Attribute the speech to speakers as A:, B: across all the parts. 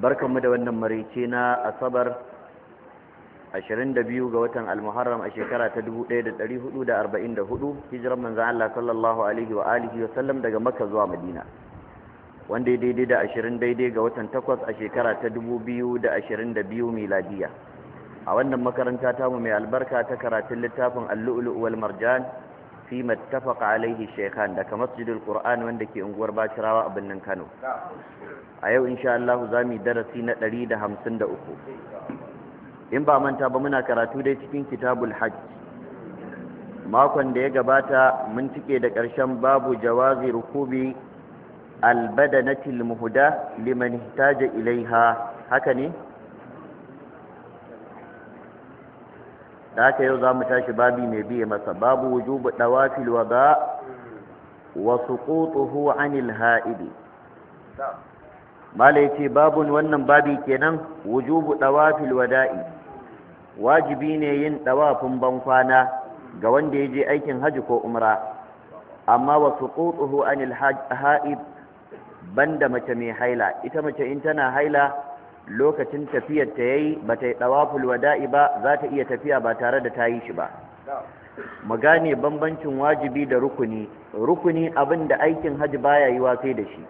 A: barkanmu da wannan maraice na asabar 22 ga watan almuharram a shekara ta 1444 hijiran manzan Allah sallallahu alaihi wa alihi wa sallam daga makka zuwa madina wanda daidai da 20 daidai ga watan 8 a shekara ta 2022 miladiya a wannan makaranta tamu mai albarka ta karatun littafin al-lu'lu' wal marjan fi mattafaqa alaihi shekhan daga masjidul qur'an wanda ke unguwar bacirawa a birnin kano
B: a
A: yau insha Allah za mu darasi na ɗari da da hamsin uku. in ba manta ba muna karatu dai cikin kitabul hajj makon da ya gabata mun cike da ƙarshen babu jawazi rukubi albadanatil muhda liman taja ilaiha haka ne da haka yau za mu tashi babi mai biye masa babu wujubu dawafil wada wa suqutuhu anil ha'idi malai ce babun wannan babi kenan wujubu dawafil wada'i wajibi ne yin dawafin bankwana ga wanda ya je aikin haji ko umra amma wa suqutuhu anil ha'id banda mace mai haila ita mace in tana haila lokacin tafiyar ta yayi ba ta yi dawaful wada'i ba za ta iya tafiya ba tare da ta yi shi ba mu gane bambancin wajibi da rukuni rukuni abin da aikin hajji baya yi sai da shi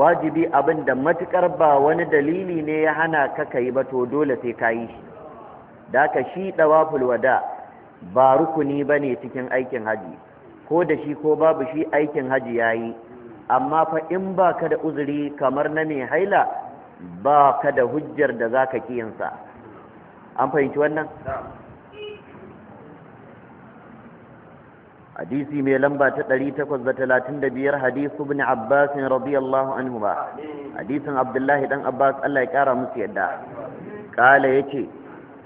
A: wajibi abin da matukar ba wani dalili ne ya hana ka kai ba to dole sai ka yi shi da ka shi dawaful wada ba rukuni ba ne cikin aikin hajji ko da shi ko babu shi aikin hajji ya yi amma fa in ba ka da uzuri kamar na mai haila ba ka da hujjar da za ka kiyinsa an fahimci wannan? hadisi mai lamba ta 835 hadisu bin abbas radiyallahu anhu ba hadisun abdullahi dan abbas allah ya kara musu yadda kala ya ce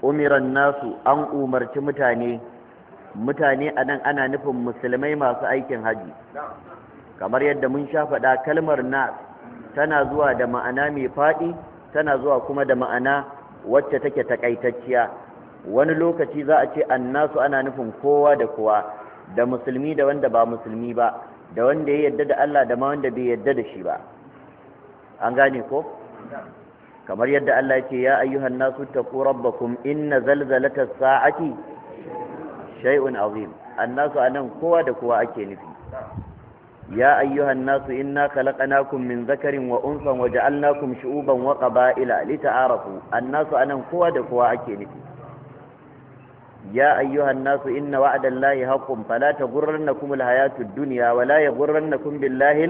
A: umiran nasu an umarci mutane mutane a nan ana nufin musulmai masu aikin haji kamar yadda mun sha faɗa kalmar nas tana zuwa da ma'ana mai faɗi tana zuwa kuma da ma'ana wacce take takaitacciya wani lokaci za a ce annasu ana nufin kowa da kowa da musulmi da wanda ba musulmi ba da wanda ya yadda da Allah da ma wanda bai yadda da shi ba an gane ko kamar yadda Allah yake ya ayyuhan nasu taqu rabbakum inna zalzalata sa'ati shay'un azim annasu anan kowa da kowa ake nufi يا أيها الناس إنا خلقناكم من ذكر وأنثى وجعلناكم شعوبا وقبائل لتعارفوا الناس أنا قوة دقوة أكينتي يا أيها الناس إن وعد الله حق فلا تغرنكم الحياة الدنيا ولا يغرنكم بالله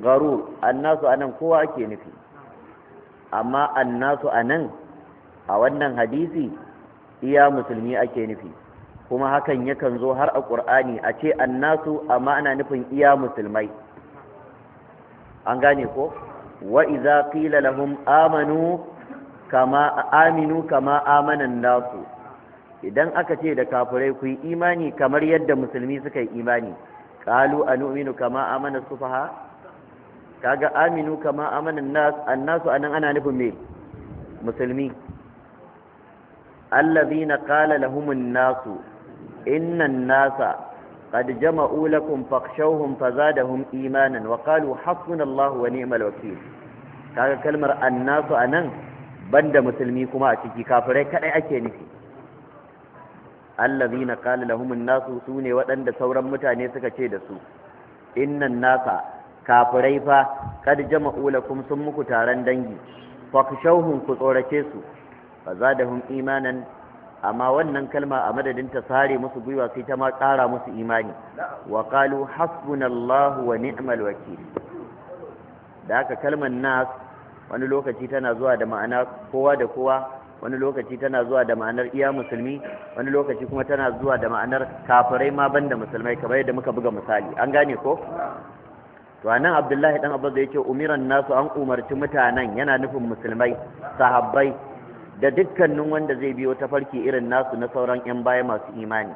A: الغرور الناس أنا قوة أكينتي أما الناس أنا أولا حديثي إيا مسلمي أكينتي kuma hakan yakan zo har a ƙur'ani a ce annasu amma ana nufin iya musulmai an gane ko wa iza qila lahum amanu kama aminu kama amanan nasu idan aka ce da kafirai ku yi imani kamar yadda musulmi suka yi imani qalu anu'minu kama amana sufaha kaga aminu kama amanan nas annasu anan ana nufin me musulmi allazina qala lahumun nasu innan nasa qad jama'u lakum fakhshawhum fazadahum imanan wa qalu hasbunallahu wa ni'mal wakeel kaga kalmar annasu anan banda musulmi kuma a ciki kafirai kadai ake nufi allazina qala lahum an-nasu sune waɗanda sauran mutane suka ce da su innan nasa kafirai fa kad jama'u lakum sun muku taron dangi fakhshawhum ku tsorace su fazadahum imanan amma wannan kalma a madadin ta sare musu gwiwa sai ta ma kara musu imani wa qalu hasbunallahu wa ni'mal wakil da haka kalmar nas wani lokaci tana zuwa da ma'ana kowa da kowa wani lokaci tana zuwa da ma'anar iya musulmi wani lokaci kuma tana zuwa da ma'anar kafirai ma banda musulmai kamar yadda muka buga misali an gane ko to anan abdullahi dan abbas ya ce umiran nasu an umarci mutanen yana nufin musulmai sahabbai da dukkanin wanda zai biyo ta farki irin nasu na sauran 'yan baya masu imani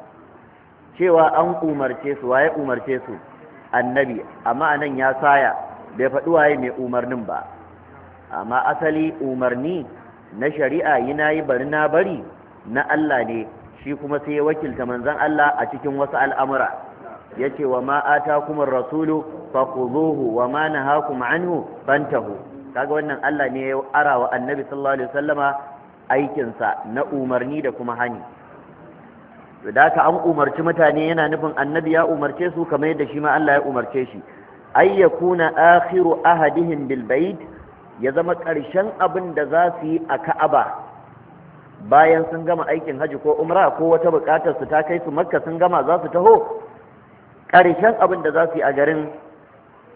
A: cewa an umarce su waye umarce su annabi amma anan ya saya bai faɗi waye mai umarnin ba amma asali umarni na shari'a yana yi bari na bari na Allah ne shi kuma sai ya wakilta manzon Allah a cikin wasu al'amura ya ce wa ma atakum rasulu faquduhu wa ma nahakum anhu fantahu kaga wannan Allah ne ya arawa annabi sallallahu alaihi wasallama aikinsa na umarni da kuma hani da ka an umarci mutane yana nufin annabi ya umarce su kamar yadda shi ma Allah ya umarce shi ay yakuna akhiru ahadihim bil bait ya zama ƙarshen abin da za su yi a Ka'aba bayan sun gama aikin haji ko umra ko wata buƙatar su ta kai su makka sun gama za su taho ƙarshen abin da za su yi a garin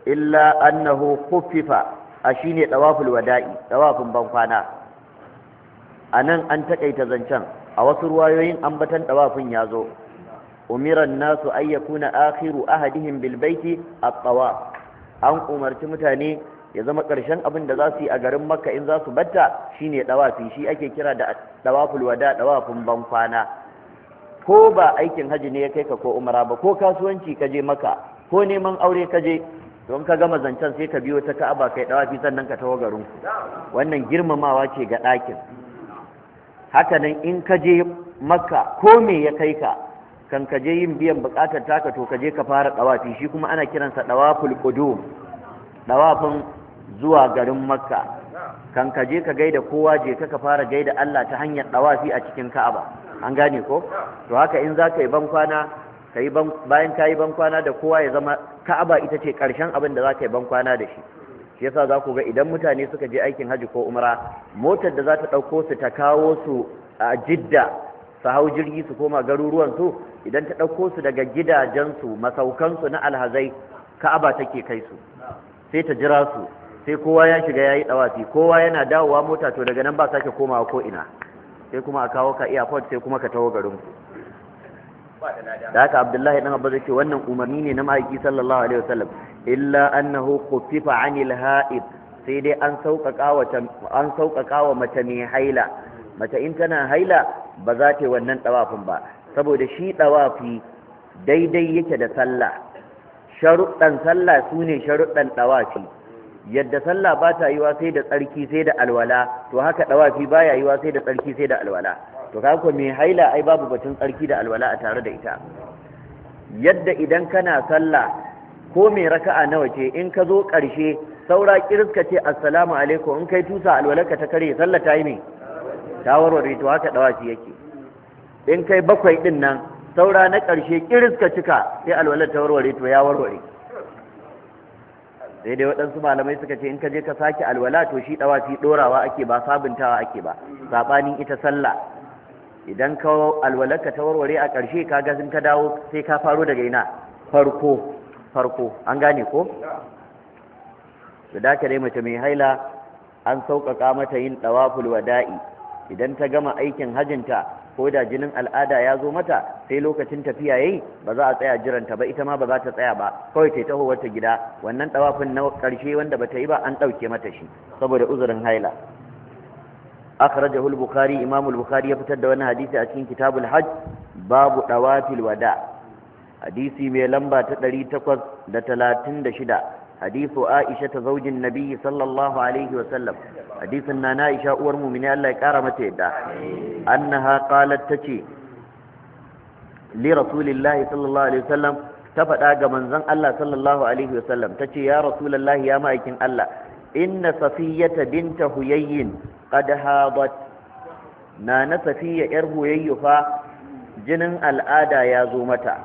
A: illa annahu khuffifa a shine tawaful wada'i tawafin bankwana a nan an taƙaita zancen a wasu ruwayoyin batan ɗawafin ya zo umiran nasu ayyakuna akhiru ahadihim bil baiti at-tawaf an umarci mutane ya zama ƙarshen abin da za su yi a garin makka in za su batta shine dawafi shi ake kira da dawaful wada dawafin ban ko ba aikin haji ne ya kai ka ko umara ba ko kasuwanci ka je maka ko neman aure ka je don ka gama zancen sai ka biyo ta ka'aba kai dawafi sannan ka taho garin wannan girmamawa ce ga ɗakin haka nan in ka je makka ko me ya kai ka kan ka je yin biyan bukatar taka to ka je ka fara dawafi shi kuma ana kiransa dawaful qudum dawafin zuwa garin makka kan ka je ka gaida kowa je ka ka fara gaida Allah ta hanyar dawafi a cikin Ka'aba an gane ko to haka in za ka yi ban kwana bayan ka yi ban kwana da kowa ya zama Ka'aba ita ce karshen abin da za ka yi ban kwana da shi shi yasa za ku ga idan mutane suka je aikin hajji ko umra motar da za ta ɗauko su ta kawo su a jidda su hau jirgi su koma garuruwan su idan ta ɗauko su daga gidajensu masaukansu na alhazai ka'aba take kai su sai ta jira su sai kowa ya shiga ya yi ɗawafi kowa yana dawowa mota to daga nan ba sake komawa ko ina sai kuma a kawo ka iya port sai kuma ka taho garinku
B: da haka abdullahi dan
A: abbas yake wannan umarni ne na ma'aiki sallallahu alaihi wasallam illa annahu khuffifa anil ha'id sai dai an sauƙaƙa wa an sauƙaƙa wa mace mai haila mace in tana haila ba za ta yi wannan tawafin ba saboda shi tawafi daidai yake da sallah sharuɗan sallah su ne sharuɗan tawafi yadda sallah ba ta yiwa sai da tsarki sai da alwala to haka tawafi baya yiwa sai da tsarki sai da alwala to ka ko mai haila ai babu batun tsarki da alwala a tare da ita yadda idan kana sallah ko mai raka'a nawa ce in ka zo ƙarshe saura kirska ce assalamu alaikum in kai tusa alwalarka ta kare sallah ta yi ne ta warware to haka dawaci yake in kai bakwai din nan saura na ƙarshe kirska cika sai alwalar ta warware to ya warware sai dai waɗansu malamai suka ce in ka je ka sake alwala to shi dawaci dorawa ake ba sabuntawa ake ba sabanin ita sallah idan ka alwalarka ta warware a ƙarshe ka ga sun ka dawo sai ka faro daga ina farko farko an gane ko da dace dai mace mai haila an sauƙaƙa mata yin ɗawaful wada'i idan ta gama aikin hajinta ko da jinin al'ada ya zo mata sai lokacin tafiya yayi ba za a tsaya jiranta ba ita ma ba za ta tsaya ba kawai ta taho wata gida wannan ɗawafin na ƙarshe wanda ba ta yi ba an ɗauke mata shi saboda uzurin haila akhrajahu al-bukhari imam al-bukhari ya fitar da wannan hadisi a cikin kitabul hajj babu dawafil wada hadisi mai lamba ta 836 hadisu aisha ta zaujin nabi sallallahu alaihi wa sallam hadisin na na aisha uwar mu'mini Allah ya kara mata yadda annaha qalat tace li rasulillahi sallallahu alaihi wa sallam ta faɗa ga manzon Allah sallallahu alaihi wa sallam tace ya rasulullahi ya ma'aikin Allah inna safiyata binta huyayyin qad hadat na safiya yar huyayyu fa jinin al'ada ya zo mata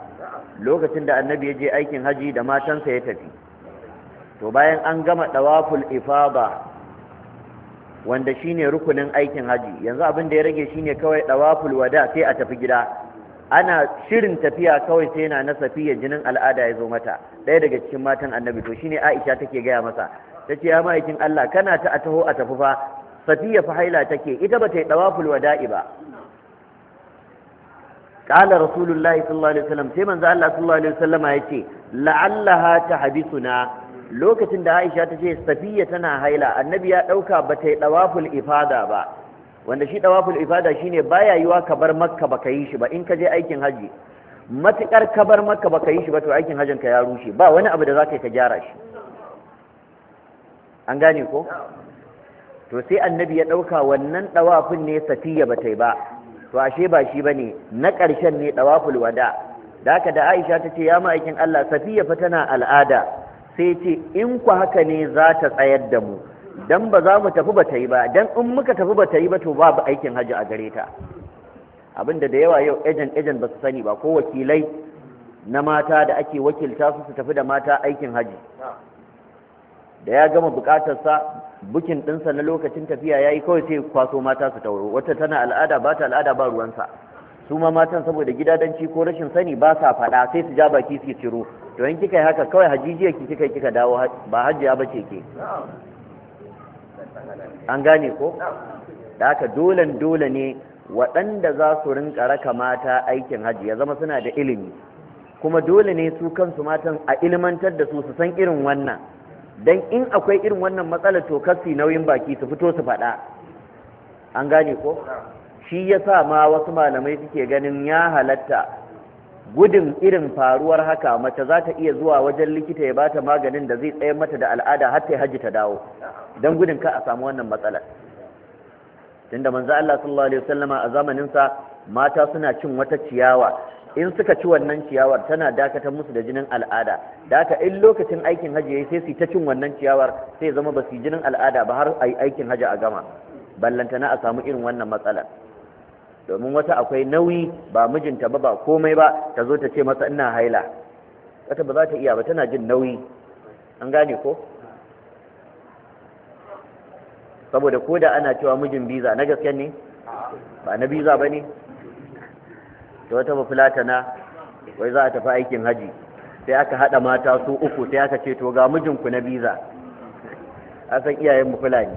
A: lokacin da annabi ya je aikin haji da matansa ya tafi to bayan an gama dawaful ifada wanda shine rukunin aikin haji yanzu abin da ya rage shine kawai dawaful wada sai a tafi gida ana shirin tafiya kawai sai na na safiya jinin al'ada ya zo mata ɗaya daga cikin matan annabi to shine aisha take gaya masa Ta ce ya ma'aikin Allah kana ta a taho a tafi fa safiya fa haila take ita ba ta yi dawaful wada'i ba qala rasulullahi sallallahu alaihi wasallam sai manzo Allah sallallahu alaihi wasallam ce, la'allaha tahbisuna lokacin da Aisha ta ce safiya tana haila annabi ya dauka ba ta yi dawaful ifada ba wanda shi dawaful ifada shine baya yiwa ka bar makka baka yi shi ba in ka je aikin haji matukar ka bar makka baka yi shi ba to aikin hajin ka ya rushe ba wani abu da zaka yi ka gyara shi an gane ko to sai annabi ya ɗauka wannan ɗawafin ne safiya ba ta yi ba to ashe ba shi ba ne na ƙarshen ne ɗawaful wada da haka da aisha ta ce ya aikin allah safiya fa tana al'ada sai ce in ku haka ne za ta tsayar da mu dan ba za mu tafi ba ta yi ba dan in muka tafi ba ta yi ba to babu aikin hajji a gare ta abinda da yawa yau ejen ejen ba su sani ba ko wakilai na mata da ake wakilta su su tafi da mata aikin hajji da ya gama bukatarsa bukin ɗinsa na lokacin tafiya ya yi kawai sai kwaso mata su tauro wata tana al'ada ba ta al'ada ba ruwansa su ma matan saboda gidadanci ko rashin sani ba sa faɗa sai su ja baki su ciro to in kika yi haka kawai hajijiya ki kika kika dawo ba hajjiya ba ce ke
B: an gane ko
A: da haka dolen dole ne waɗanda za su rinka raka mata aikin hajji ya zama suna da ilimi kuma dole ne su kansu matan a ilimantar da su su san irin wannan dan in akwai irin wannan matsalar to kasi nauyin baki su fito su faɗa an gane ko shi yasa ma wasu malamai suke ganin ya halatta gudun irin faruwar haka mace za ta iya zuwa wajen likita ya bata maganin da zai tsaye mata da al'ada har ta hajji ta dawo dan gudun ka a samu wannan matsala tunda manzo Allah sallallahu alaihi wasallama a zamanin sa mata suna cin wata ciyawa in suka ci wannan ciyawar tana dakatar musu da jinin al'ada da ka in lokacin aikin hajji yayi sai su ta cin wannan ciyawar sai zama ba su jinin al'ada ba har ai aikin hajji a gama ballantana a samu irin wannan matsalar domin wata akwai nauyi ba mijinta ba ba komai ba ta zo ta ce masa ina haila wata ba za ta iya ba tana jin nauyi an gane ko saboda ko da ana cewa mijin biza na gaskiya ne ba na biza ba ne da wata bafulatana wai za a tafi aikin haji sai aka haɗa mata su uku sai aka ce to ga mijinku na biza a san iyayen fulani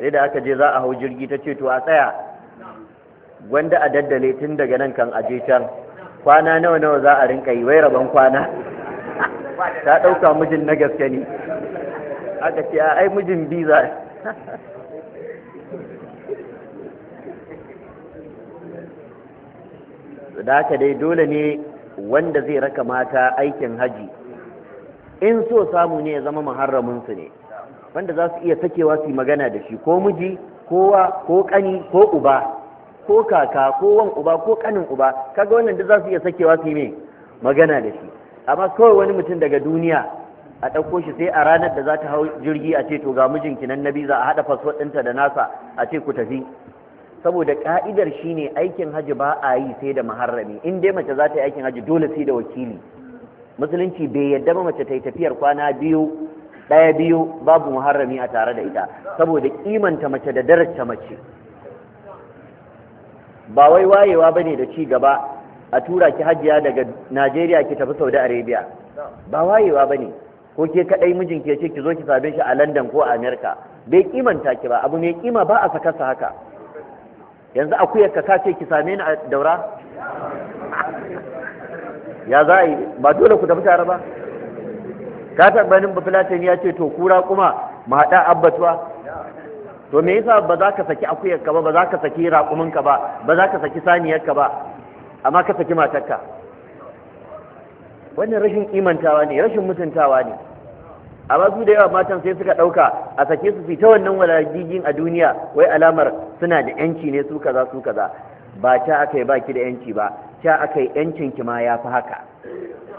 A: sai da aka je za a hau jirgi ta ce to a tsaya gwanda a daddale tun daga nan kan aje can kwana nawa nawa za a rinka yi wai rabon kwana
B: ta ɗauka mijin na gaske ne aka ce
A: ai mijin biza
B: da haka dai
A: dole ne wanda zai raka mata aikin haji in so samu ne ya zama muharraminsu ne wanda za su iya sakewa su yi magana da shi ko miji kowa ko kani ko uba ko kaka ko wan uba ko kanin uba kaga wannan duk za su iya sakewa su yi magana da shi amma kawai wani mutum daga duniya a ɗauko shi sai a ranar da za ta hau jirgi a ce to ga mijinki nan nabi za a haɗa fasfot ɗinta da nasa a ce ku tafi saboda ka'idar shine aikin haji ba a yi sai da maharrami in dai mace za ta yi aikin haji dole sai da wakili musulunci bai yadda ba mace ta yi tafiyar kwana biyu ɗaya biyu babu maharami a tare da ita saboda kimanta mace da daraja mace ba wai wayewa bane da ci gaba a tura ki hajiya daga Najeriya ki tafi Saudi Arabia ba wayewa bane ko ke kaɗai mijinki ya ce ki zo ki sabe shi a Landan ko a amerika bai kimanta ki ba abu mai kima ba a saka haka yanzu akuyar ka ta ce ki same ni a daura ya za a yi ba dole ku tafi tare ba ka tabbanin filatin ya ce to kura kuma mu haɗa abbatuwa to me yasa ba za ka saki akuyar ka ba ba za ka saki raƙumin ka ba ba za ka saki saniyar ka ba amma ka saki matarka wannan rashin imantawa ne rashin mutuntawa ne amma su da yawa matan sai suka ɗauka a sake su fita wannan walajijin a duniya wai alamar suna da yanci ne su kaza su kaza ba ta aka yi baki da yanci ba ta aka yi yancin ki ma ya fi haka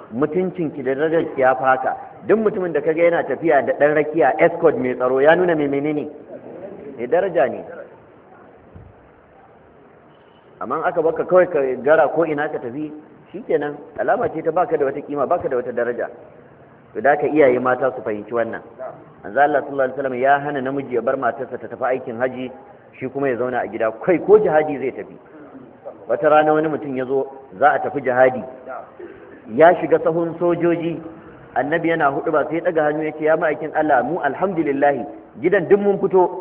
A: mutuncin ki da rajar ki ya fi haka duk mutumin da kaga yana tafiya da ɗan rakiya escort mai tsaro ya nuna mai menene ne daraja ne amma aka baka kawai ka gara ko ina ka tafi shikenan alama ce ta baka da wata kima baka da wata daraja to da ka iyaye mata su fahimci wannan anza Allah sallallahu alaihi wasallam ya hana namiji ya bar matarsa ta tafi aikin haji shi kuma ya zauna a gida kai ko jihadi zai tafi wata rana wani mutum ya zo za a tafi jihadi ya shiga sahun sojoji annabi yana hudu ba sai daga hannu ce ya ma'aikin Allah mu alhamdulillah gidan duk mun fito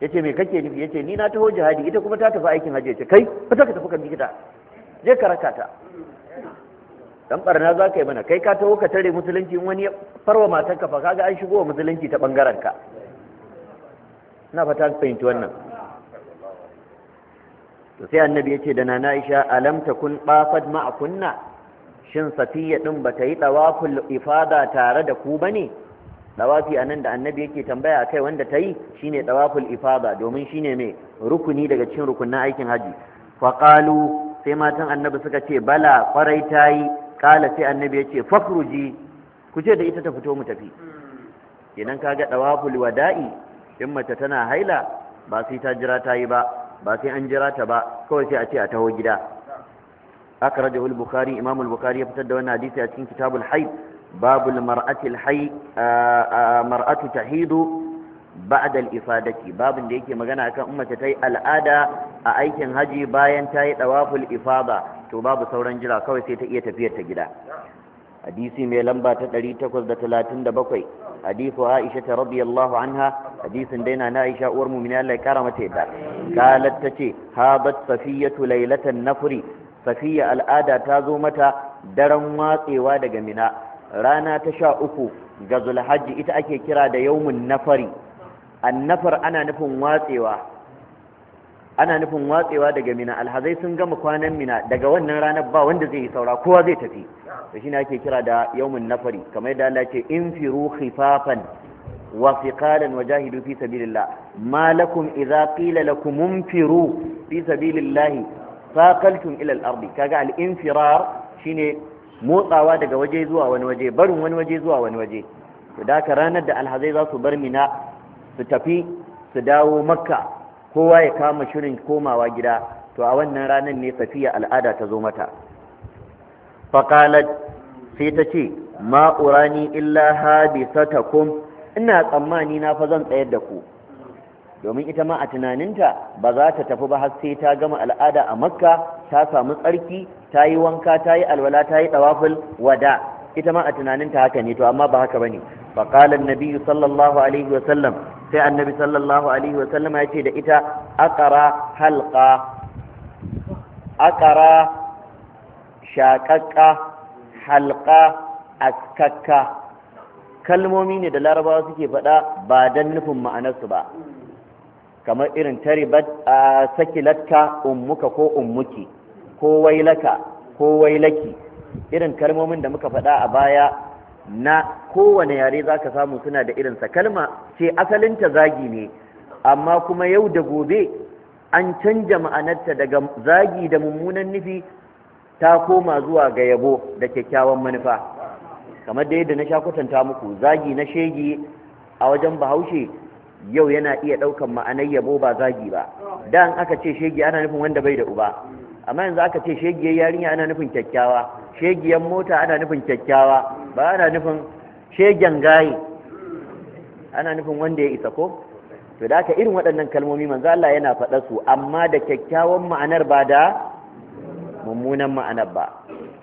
A: yace me kake nufi yace ni na taho jihadi ita kuma ta tafi aikin hajji yace kai fita ka tafi kan gida je ka raka ta dan barna za ka yi mana kai ka taho ka tare musulunci wani farwa matanka fa kaga an shigo wa musulunci ta bangaren ka ina fata ka wannan to sai annabi ya ce da nana Aisha alam takun bafad ma kunna shin safiya din ba ta yi dawaful ifada tare da ku bane dawafi anan da annabi yake tambaya kai wanda ta yi shine dawaful ifada domin shine mai rukuni daga cikin rukunin aikin haji fa sai matan annabi suka ce bala kwarai ta yi kala sai annabi yace fakhruji ku ce da ita ta fito mu tafi idan kaga ɗawaful wada'i in mace tana haila ba sai ta jira ta yi ba ba sai an jira ta ba kawai sai a ce a taho gida akhrajahu al bukari imam ya fitar da wani hadisi a cikin kitabul hayd babul mar'atil mar'atu tahidu ba'da al-ifadati babin da yake magana akan ummata tayi al'ada a aikin haji bayan tayi dawaful ifada to babu sauran jira kawai sai ta iya tafiyar ta gida hadisi mai lamba ta 837 hadisu Aisha ta radiyallahu anha hadisin daina na Aisha uwar mu'mini Allah ya kara mata yadda kalat tace habat safiyatu lailatan nafri safiya al'ada ta zo mata daren watsewa daga mina rana ta sha uku ga zulhajji ita ake kira da yawmun nafari nafar ana nufin watsewa ana nufin watsewa daga mina alhazai sun gama kwanan mina daga wannan ranar ba wanda zai yi saura kowa zai tafi to shine ake kira da yawmun nafari kamar yadda Allah ce infiru khifafan wa thiqalan wajahidu fi sabilillah ma lakum idza qila lakum infiru fi sabilillah faqaltum ila al-ardi kaga al-infirar shine motsawa daga waje zuwa wani waje barin wani waje zuwa wani waje to da ranar da alhazai za su bar mina su tafi su dawo makka kowa ya kama shirin komawa gida to a wannan ranar ne safiya al'ada ta zo mata faƙalat sai ta ce ma urani illa habisatakum ina tsammani na fa zan tsayar da ku domin ita ma a tunaninta ba za ta tafi ba har sai ta gama al'ada a makka ta samu tsarki ta yi wanka ta yi alwala ta yi wada ita ma a tunaninta haka ne to amma ba haka bane fa qala annabi sallallahu alaihi wa sallam sai annabi sallallahu alaihi wa sallam ya ce da ita aqra halqa aqra shaqaqqa halqa askakka kalmomi ne da larabawa suke faɗa ba dan nufin ma'anarsu ba kamar irin taribat a sakilatka ummuka ko ummuki ko wailaka ko wailaki irin kalmomin da muka faɗa a baya na kowane yare za ka samu suna da irin sa, kalma ce asalinta zagi ne amma kuma yau da gobe an canja ma'anarta daga zagi da mummunan nufi ta koma zuwa ga yabo da kyakkyawan manufa kamar da yadda na sha kwatanta muku zagi na shege a wajen bahaushe yau yana iya ɗaukan ma'anar yabo ba zagi ba da aka ce shege ana nufin wanda bai da uba amma yanzu aka ce shegiyar yarinya ana nufin kyakkyawa shegiyar mota ana nufin kyakkyawa ba ana nufin shegen gaye ana nufin wanda ya isa ko to da aka irin waɗannan kalmomi manzo Allah yana faɗa su amma da kyakkyawan ma'anar ba da mummunan ma'anar ba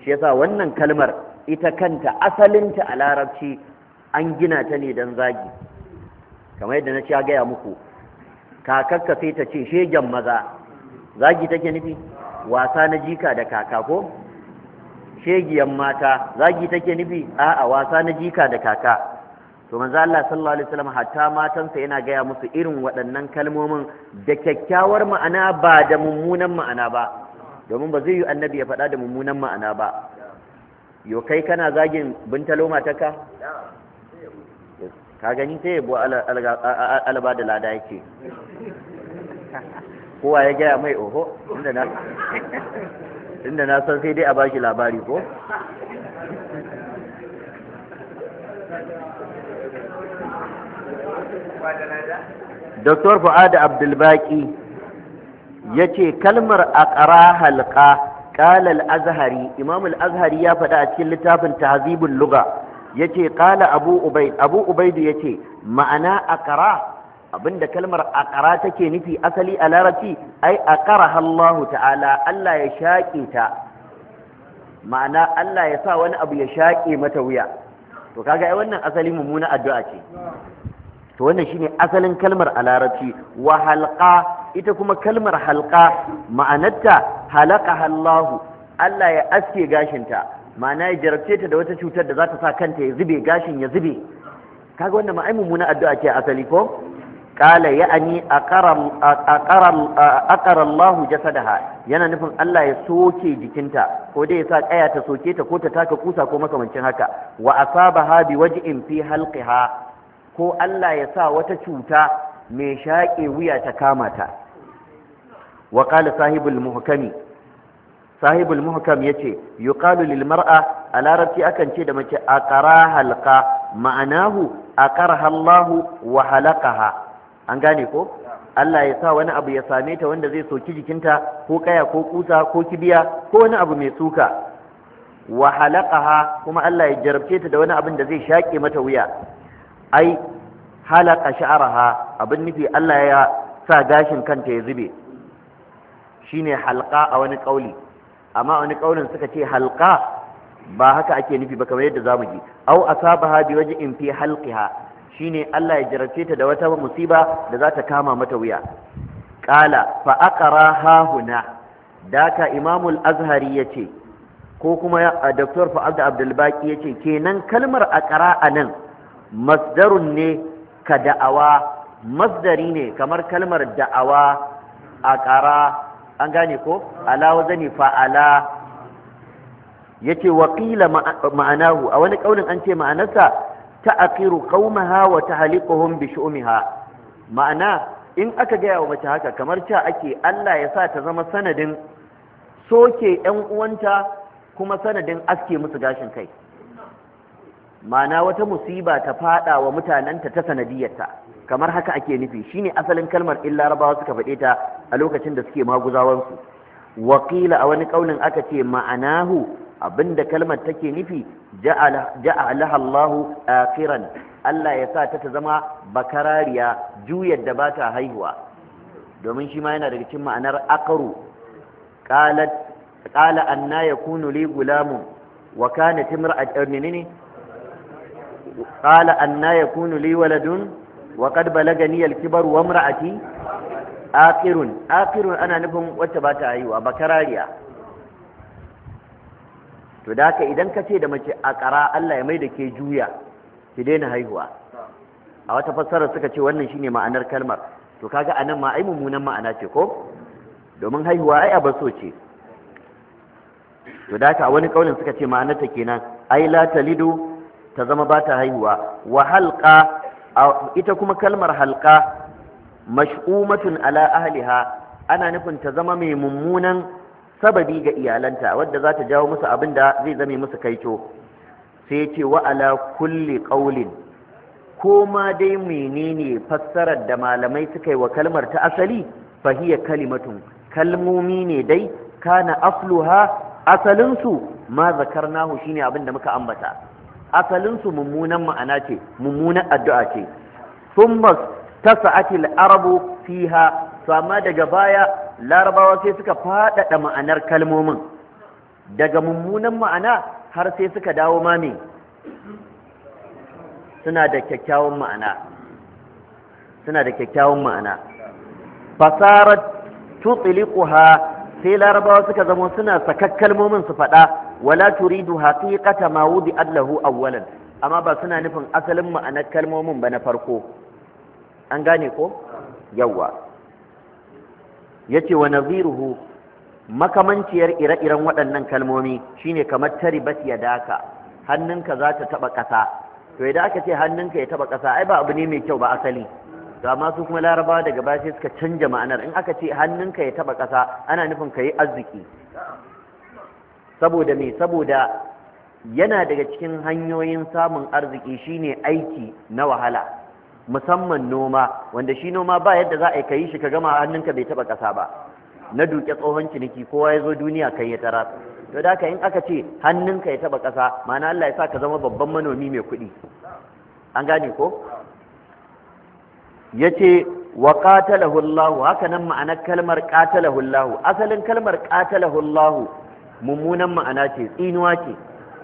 A: shi yasa wannan kalmar ita kanta asalinta a larabci an gina ta ne don zagi kamar yadda na ci gaya muku kakakka sai ta ce shegen maza zagi take nufi wasa na jika da kaka ko shegiyan mata zagi take nufi a'a wasa na jika da kaka to manzo Allah sallallahu alaihi wasallam hatta matansa yana gaya musu irin waɗannan kalmomin da kyakkyawar ma'ana ba da mummunan ma'ana ba domin ba zai yi annabi ya faɗa da mummunan ma'ana ba yo kai kana zagin bintalo matarka ka gani sai yabo alaba da lada yake kowa ya gaya mai oho inda na san sai dai a bashi labari ko Dr. Fuada Abdulbaki ya ce kalmar a ƙara halka ƙalal azhari imam azhari ya faɗa a cikin littafin tahzibul luga ya ce ƙala abu abu ubaidu ya ce ma'ana a ƙara abinda kalmar aqara take nufi asali a larabci ai aqaraha Allah ta'ala Allah ya shaƙe ta ma'ana Allah ya sa wani abu ya shaƙe mata wuya to kaga ai wannan asali mummuna addu'a ce to wannan shine asalin kalmar a larabci wa halqa ita kuma kalmar halqa ma'anarta halaqaha Allah Allah ya aske gashinta ma'ana ya jarabce ta da wata cutar da za ta sa kanta ya zube gashin ya zube kaga wannan ma ai mummuna addu'a ce asali ko قال يعني أقر أقر أقر الله جسدها yana nufin Allah ya soke jikinta ko dai ya sa kaya ta soke ta ko ta taka kusa ko makamancin haka wa asabaha bi waj'in fi halqiha ko Allah ya sa wata cuta mai shaƙe wuya ta kama ta wa qala sahibul muhkami sahibul muhkam yace yuqalu lil mar'a a larabci akan ce da mace aqara halqa ma'anahu aqaraha Allah wa halaqaha an gane ko Allah ya sa wani abu ya same ta wanda zai soki jikinta ko kaya ko kusa ko kibiya ko wani abu mai suka wa halaqaha kuma Allah ya jarabce ta da wani abin da zai shaƙe mata wuya ai halaka sharaha abin nufi Allah ya sa gashin kanta ya zube shine halqa a wani kauli amma wani kaulin suka ce halqa ba haka ake nufi ba kamar yadda zamu ji au asabaha bi wajhin fi halqiha shine Allah ya jarace ta da wata musiba da za ta kama mata wuya qala fa aqra ha huna daka imamu al-azhari yace ko kuma dr fa'ad abdulbaki yace kenan kalmar aqra anan masdarun ne ka da'awa masdari ne kamar kalmar da'awa aqra an gane ko ala wazani fa'ala yace waqila ma'anahu a wani kaulin an ce ma'anarsa Ta'akiru qaumaha wa tahliquhum bi shu'umiha ma'ana in aka gaya wa mace haka kamar ta ake Allah ya sa ta zama sanadin soke ƴan uwanta kuma sanadin aske musu gashin kai ma'ana wata musiba ta fada wa mutanenta ta sanadiyarta kamar haka ake nufi shine asalin kalmar illa rabawa suka faɗe ta a lokacin da suke maguzawansu Waƙila, a wani ƙaunin aka ce ma'anahu abinda kalmar take nufi ja'alaha Allahu akhiran Allah ya sa ta ta zama bakarariya juyar da ba ta haihuwa domin shi ma yana daga cikin ma'anar akaru qala anna yakunu li gulamun wa kanat imra'atun eh, minni qala anna yakunu li waladun wa qad balagani al-kibar wa imra'ati akirun akirun ana nufin wacce ba ta haihuwa bakarariya to da haka idan ka ce da mace a ƙara Allah ya mai da ke juya ki daina haihuwa a wata fassara suka ce wannan shine ma'anar kalmar to kaga anan ma ai mummunan ma'ana ce ko domin haihuwa ai so ce to da haka wani kaulin suka ce ma'anar ta kenan ai la talidu ta zama ba ta haihuwa wa halqa ita kuma kalmar halqa mash'umatun ala ahliha ana nufin ta zama mai mummunan sababi ga iyalanta wadda za ta jawo musu abin da zai zame musu kaito sai ya ce wa ala kulli qaulin ko ma dai menene fassarar da malamai suka yi wa kalmar ta asali fahiya kalimatun kalmomi ne dai kana afluha asalinsu ma zakarnahu shine abin da muka ambata asalinsu mummunan ma'ana ce mummunan addu'a ce sun tasa'atil arabu fiha to amma daga baya larabawa sai suka faɗaɗa ma'anar kalmomin daga mummunan ma'ana har sai suka dawo ma me suna da kyakkyawan ma'ana suna da kyakkyawan ma'ana fasarat tutliquha sai larabawa suka zamo suna sakak kalmomin su faɗa wala turidu haqiqata ma wudi Allahu awwalan amma ba suna nufin asalin ma'anar kalmomin ba na farko an gane ko yawa yace wa nadhiruhu makamanciyar ire-iren waɗannan kalmomi shine kamar taribat yadaka hannunka za ta taba ƙasa to idan aka ce hannunka ya taba ƙasa ai ba abu ne mai kyau ba asali to amma su kuma Laraba daga baya suka canja ma'anar in aka ce hannunka ya taba ƙasa ana nufin ka arziki saboda me saboda yana daga cikin hanyoyin samun arziki shine aiki na wahala musamman noma wanda shi noma ba yadda za a yi kayi shi ka gama hannunka bai taba ƙasa ba na duke tsohon ciniki kowa ya zo duniya kan ya tara to da haka in aka ce hannunka ya taba ƙasa ma'ana Allah ya sa ka zama babban manomi mai kuɗi an gane ko yace wa qatalahu Allah haka nan ma'anar kalmar qatalahu Allah asalin kalmar qatalahu Allah mummunan ma'ana ce tsinuwa ce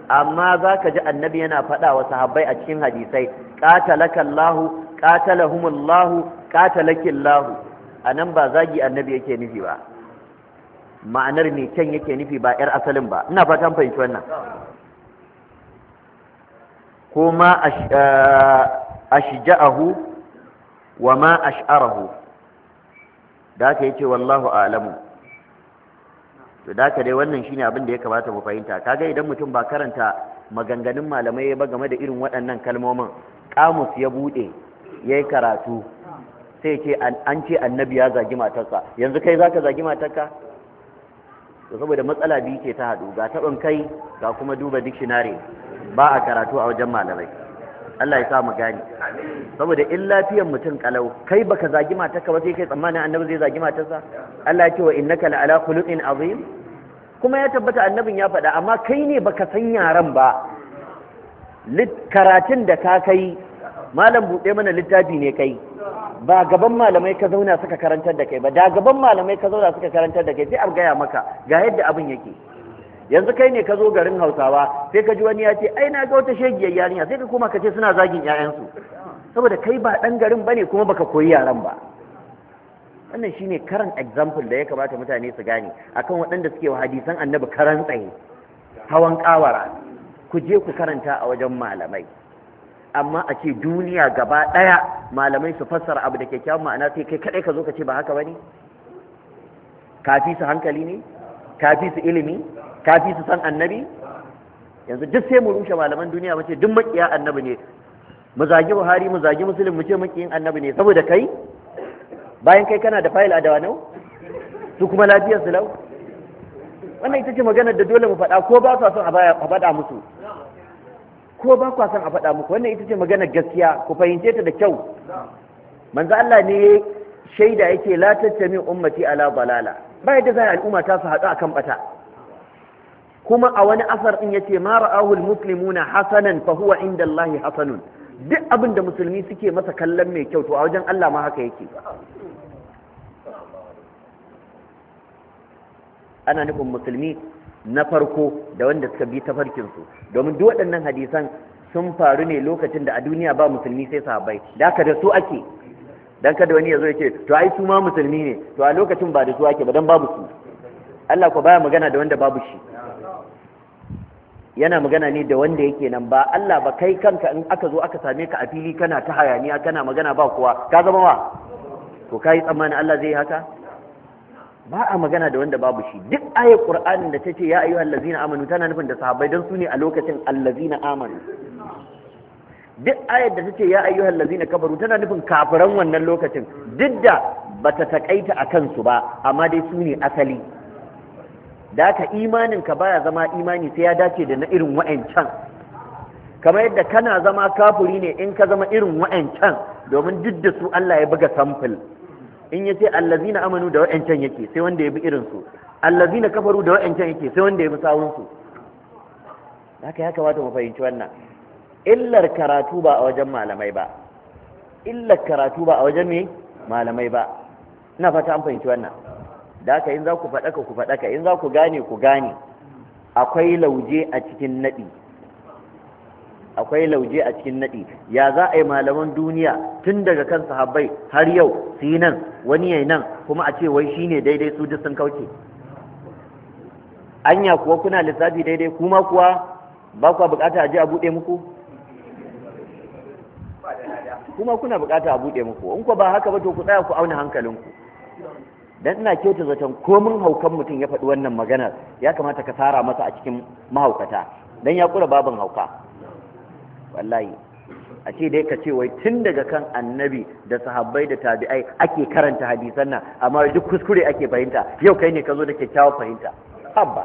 A: amma zaka ji annabi yana faɗa wa sahabbai a cikin hadisai qatalaka Allah qatalahumullahu qatalakillahu anan ba zagi annabi yake nufi ba ma'anar mai kyan yake nufi ba yar asalin ba ina fatan fahimci wannan kuma eh, ashja'ahu wa ma ash'arahu da aka yace wallahu a'lamu to da ka dai wannan shine abin da ya kamata mu fahimta kaga idan mutum ba karanta maganganun malamai ba game da irin waɗannan kalmomin kamus ya bude ya yi karatu sai ce an ce annabi ya zagi matarsa yanzu kai za ka zagi matarka to saboda matsala biyu ke ta hadu, ga taɓin kai ga kuma duba dictionary ba a karatu a wajen malamai Allah ya sa mu gane saboda in lafiyar mutum kalau kai baka zagi matarka ba sai kai tsammanin annabi zai zagi matarsa Allah ya ce wa innaka ala khuluqin azim kuma ya tabbata annabin ya faɗa amma kai ne baka san yaran ba karatun da ka kai malam buɗe mana littafi ne kai ba gaban malamai ka zauna suka karantar da kai ba da gaban malamai ka zauna suka karantar da kai sai an gaya maka ga yadda abin yake yanzu kai ne ka zo garin hausawa sai ka ji wani ya ce ai na ga wata shegiyar yarinya sai ka koma ka ce suna zagin 'ya'yansu saboda kai ba ɗan garin bane kuma baka koyi yaran ba wannan shine karan example da ya kamata mutane su gane akan waɗanda suke wa hadisan annabi karan hawan kawara ku je ku karanta a wajen malamai amma a ce duniya gaba ɗaya malamai su fassara abu da kyakkyawan ma'ana sai kai kaɗai ka zo ka ce ba haka ba ne kafi su hankali ne kafi su ilimi kafi su san annabi yanzu duk sai mu rushe malaman duniya mace duk makiya annabi ne mu zagi buhari mu zagi musulun mu ce makiyin annabi ne saboda kai bayan kai kana da fayil a da wana su kuma lafiyar su lau wannan ita ce maganar da dole mu faɗa ko ba sa son a faɗa musu ko ba kwa san a faɗa muku wannan ita ce magana gaskiya ku fahimce ta da kyau manzo Allah ne shaida yake la tattami ummati ala balala ba yadda zai al'umma ta su haɗu akan bata kuma a wani asar din yace ma ra'ahu almuslimuna hasanan fa huwa inda Allah hasanun duk abin da musulmi suke masa kallon mai kyau to a wajen Allah ma haka yake ana nufin musulmi na farko da wanda suka bi su. domin duk waɗannan hadisan sun faru ne lokacin da a duniya ba musulmi sai sahabbai da haka da su ake dan kada wani ya zo ya ce to ai su ma musulmi ne to a lokacin ba da su ake ba dan babu su Allah ko baya magana da wanda babu shi yana magana ne da wanda yake nan ba Allah ba kai kanka in aka zo aka same ka a fili kana ta hayaniya kana magana ba kowa ka zama wa to kai tsammani Allah zai haka ba a magana da wanda babu shi duk ayar qur'anin da tace ya ayyuhal ladzina amanu tana nufin da sahabbai dan su ne a lokacin allazina amanu duk ayar da tace ya ayyuhal ladzina kafaru tana nufin kafiran wannan lokacin duk da bata takaita akan su ba amma dai su ne asali da ka imanin ka baya zama imani sai ya dace da na irin wa'ancan kamar yadda kana zama kafuri ne in ka zama irin wa'ancan domin duk da su Allah ya buga sample in yace allazina amanu da wa'ancan yake sai wanda ya bi irin su allazina kafaru da wa'ancan yake sai wanda ya bi sawun su haka ya kamata mu fahimci wannan illar karatu ba a wajen malamai ba
B: illar karatu
A: ba a wajen me malamai ba ina fata an fahimci wannan da haka in za ku faɗaka ku faɗaka in za ku gane ku gane akwai lauje a cikin naɗi akwai lauje a cikin naɗi ya za a yi malaman duniya tun daga kan sahabbai har yau su nan wani yayi nan kuma a ce wai shine daidai su sun kauce anya kuwa kuna lissafi daidai kuma kuwa ba kuwa bukata a je a buɗe muku kuma kuna bukata a buɗe muku in ku ba haka ba to ku tsaya ku auna hankalinku dan ina kyauta zaton komin haukan mutum ya faɗi wannan maganar ya kamata ka tara masa a cikin mahaukata dan ya kura babin hauka wallahi a ce dai ka ce wai tun daga kan annabi da sahabbai da tabi'ai ake karanta hadisan nan amma duk kuskure ake fahimta yau kai ne ka zo da kyakkyawar fahimta abba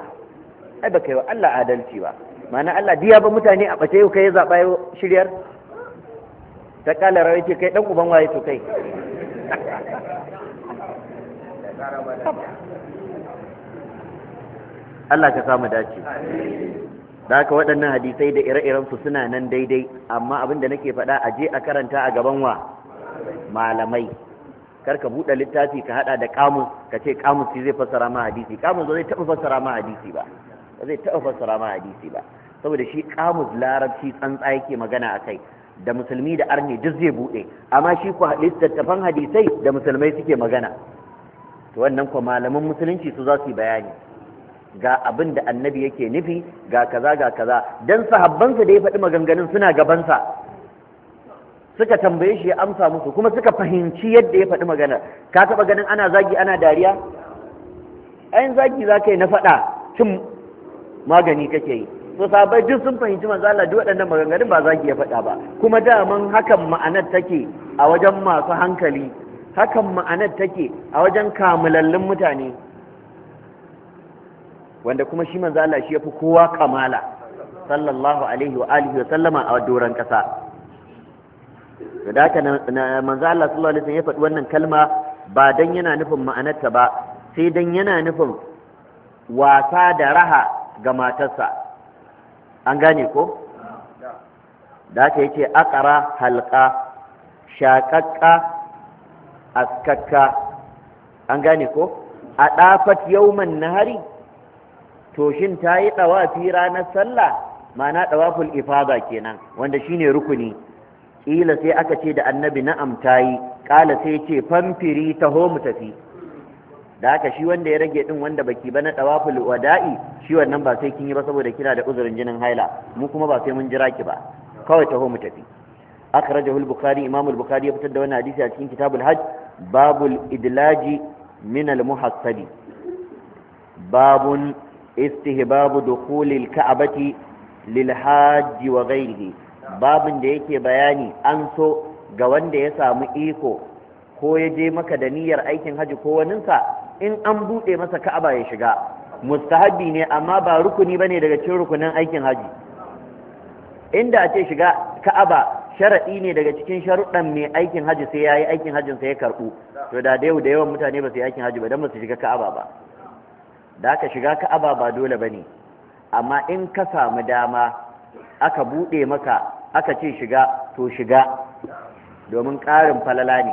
A: ai ba yi wa Allah adalci ba ma'ana Allah diya ba mutane a bace yau kai zaɓa yau shiryar ta kala rawai ce kai dan uban waye to kai Allah ka samu dace da haka waɗannan hadisai da ire-irensu suna nan daidai amma abin da nake faɗa a je a karanta a gaban wa malamai kar ka buɗe littafi ka haɗa da kamus ka ce kamus shi zai fassara ma hadisi kamus ba zai taɓa fassara ma hadisi ba ba zai taɓa fassara ma hadisi ba saboda shi kamus larabci tsantsa yake magana a kai da musulmi da arni duk zai buɗe amma shi ku littattafan hadisai da musulmai suke magana to wannan ku malaman musulunci su za su yi bayani ga abin da annabi yake nufi ga kaza ga kaza dan sahabbansa da ya faɗi maganganun suna gabansa suka tambaye shi ya amsa musu kuma suka fahimci yadda ya faɗi maganar ka taɓa ganin ana zagi ana dariya ayin zagi za ka yi na faɗa cin magani kake yi to sabai duk sun fahimci manzo Allah duk waɗannan maganganun ba zagi ya faɗa ba kuma daman hakan ma'anar take a wajen masu hankali hakan ma'anar take a wajen kamulallin mutane wanda kuma shi manzo Allah shi yafi kowa kamala sallallahu alaihi wa alihi wa sallama a doran kasa da haka manzo Allah sallallahu alaihi wasallam ya faɗi wannan kalma ba dan yana nufin ma'anarta ba sai dan yana nufin wasa da raha ga matarsa an gane ko da haka yake aqara halka, shaqaqqa askakka an gane ko a dafat yawman nahari to shin ta yi ɗawafi ranar sallah ma'ana ɗawaful ifada kenan wanda shine rukuni ƙila sai aka ce da annabi na'am ta yi ƙala sai ce famfiri taho mu tafi da haka shi wanda ya rage din wanda baki ba na ɗawaful wada'i shi wannan ba sai kin yi ba saboda kina da uzurin jinin haila mu kuma ba sai mun jira ki ba kawai taho mu tafi akhrajahu al-bukhari imam al-bukhari ya fitar da wannan hadisi a cikin kitabul hajj babul idlaji min al-muhassabi babun istihbabu dukhulil ka'bati lil hajj wa ghayrihi babin da yake bayani an so ga wanda ya samu iko ko ya je maka da niyyar aikin haji ko waninsa in an bude masa ka'aba ya shiga mustahabi ne amma ba rukuni bane daga cikin rukunin aikin haji inda a ce shiga ka'aba sharaɗi ne daga cikin sharuɗan mai aikin haji sai ya yi aikin hajinsa ya karɓu to da da yawan mutane ba su yi aikin haji ba don ba su shiga ka'aba ba da aka shiga ka'aba ba dole ba ne amma in ka samu dama aka buɗe maka aka ce shiga to shiga domin ƙarin falala ne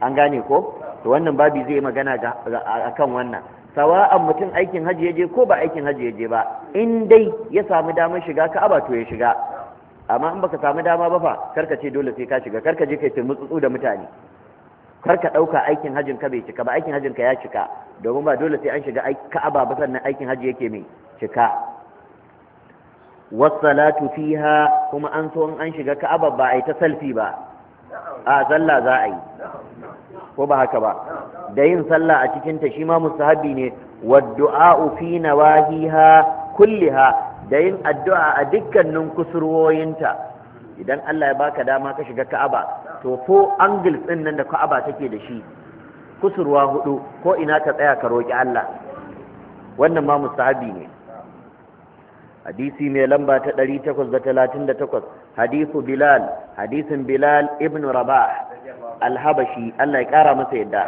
A: an gane ko to wannan babi zai magana a kan wannan sawa'an mutum aikin hajji ya je ko ba aikin hajji ya je ba in dai ya samu damar shiga ka'aba to ya shiga amma in baka samu dama ba fa karka ce dole sai ka shiga karka je kai mutsutsu da mutane kar ka ɗauka aikin hajjin ka bai cika ba aikin hajjin ka ya cika domin ba dole sai an shiga ka'aba ba sannan aikin hajji yake mai cika wasalatu fiha kuma an so in an shiga ka'aba ba a yi ta salfi ba
B: a sallah za a yi
A: ko ba haka ba da yin sallah a cikin ta shi ma mustahabi ne wadda'u fi nawahiha kulliha da yin addu'a a dukkanin kusurwoyinta idan Allah ya baka dama ka shiga Ka'aba to ko angles ɗin nan da ka'aba take da shi kusurwa hudu ko ina ta tsaya ka roƙi Allah wannan ma mustahabi ne hadisi mai lamba ta 838 hadisu bilal hadisin bilal ibn rabah alhabashi Allah ya kara masa yadda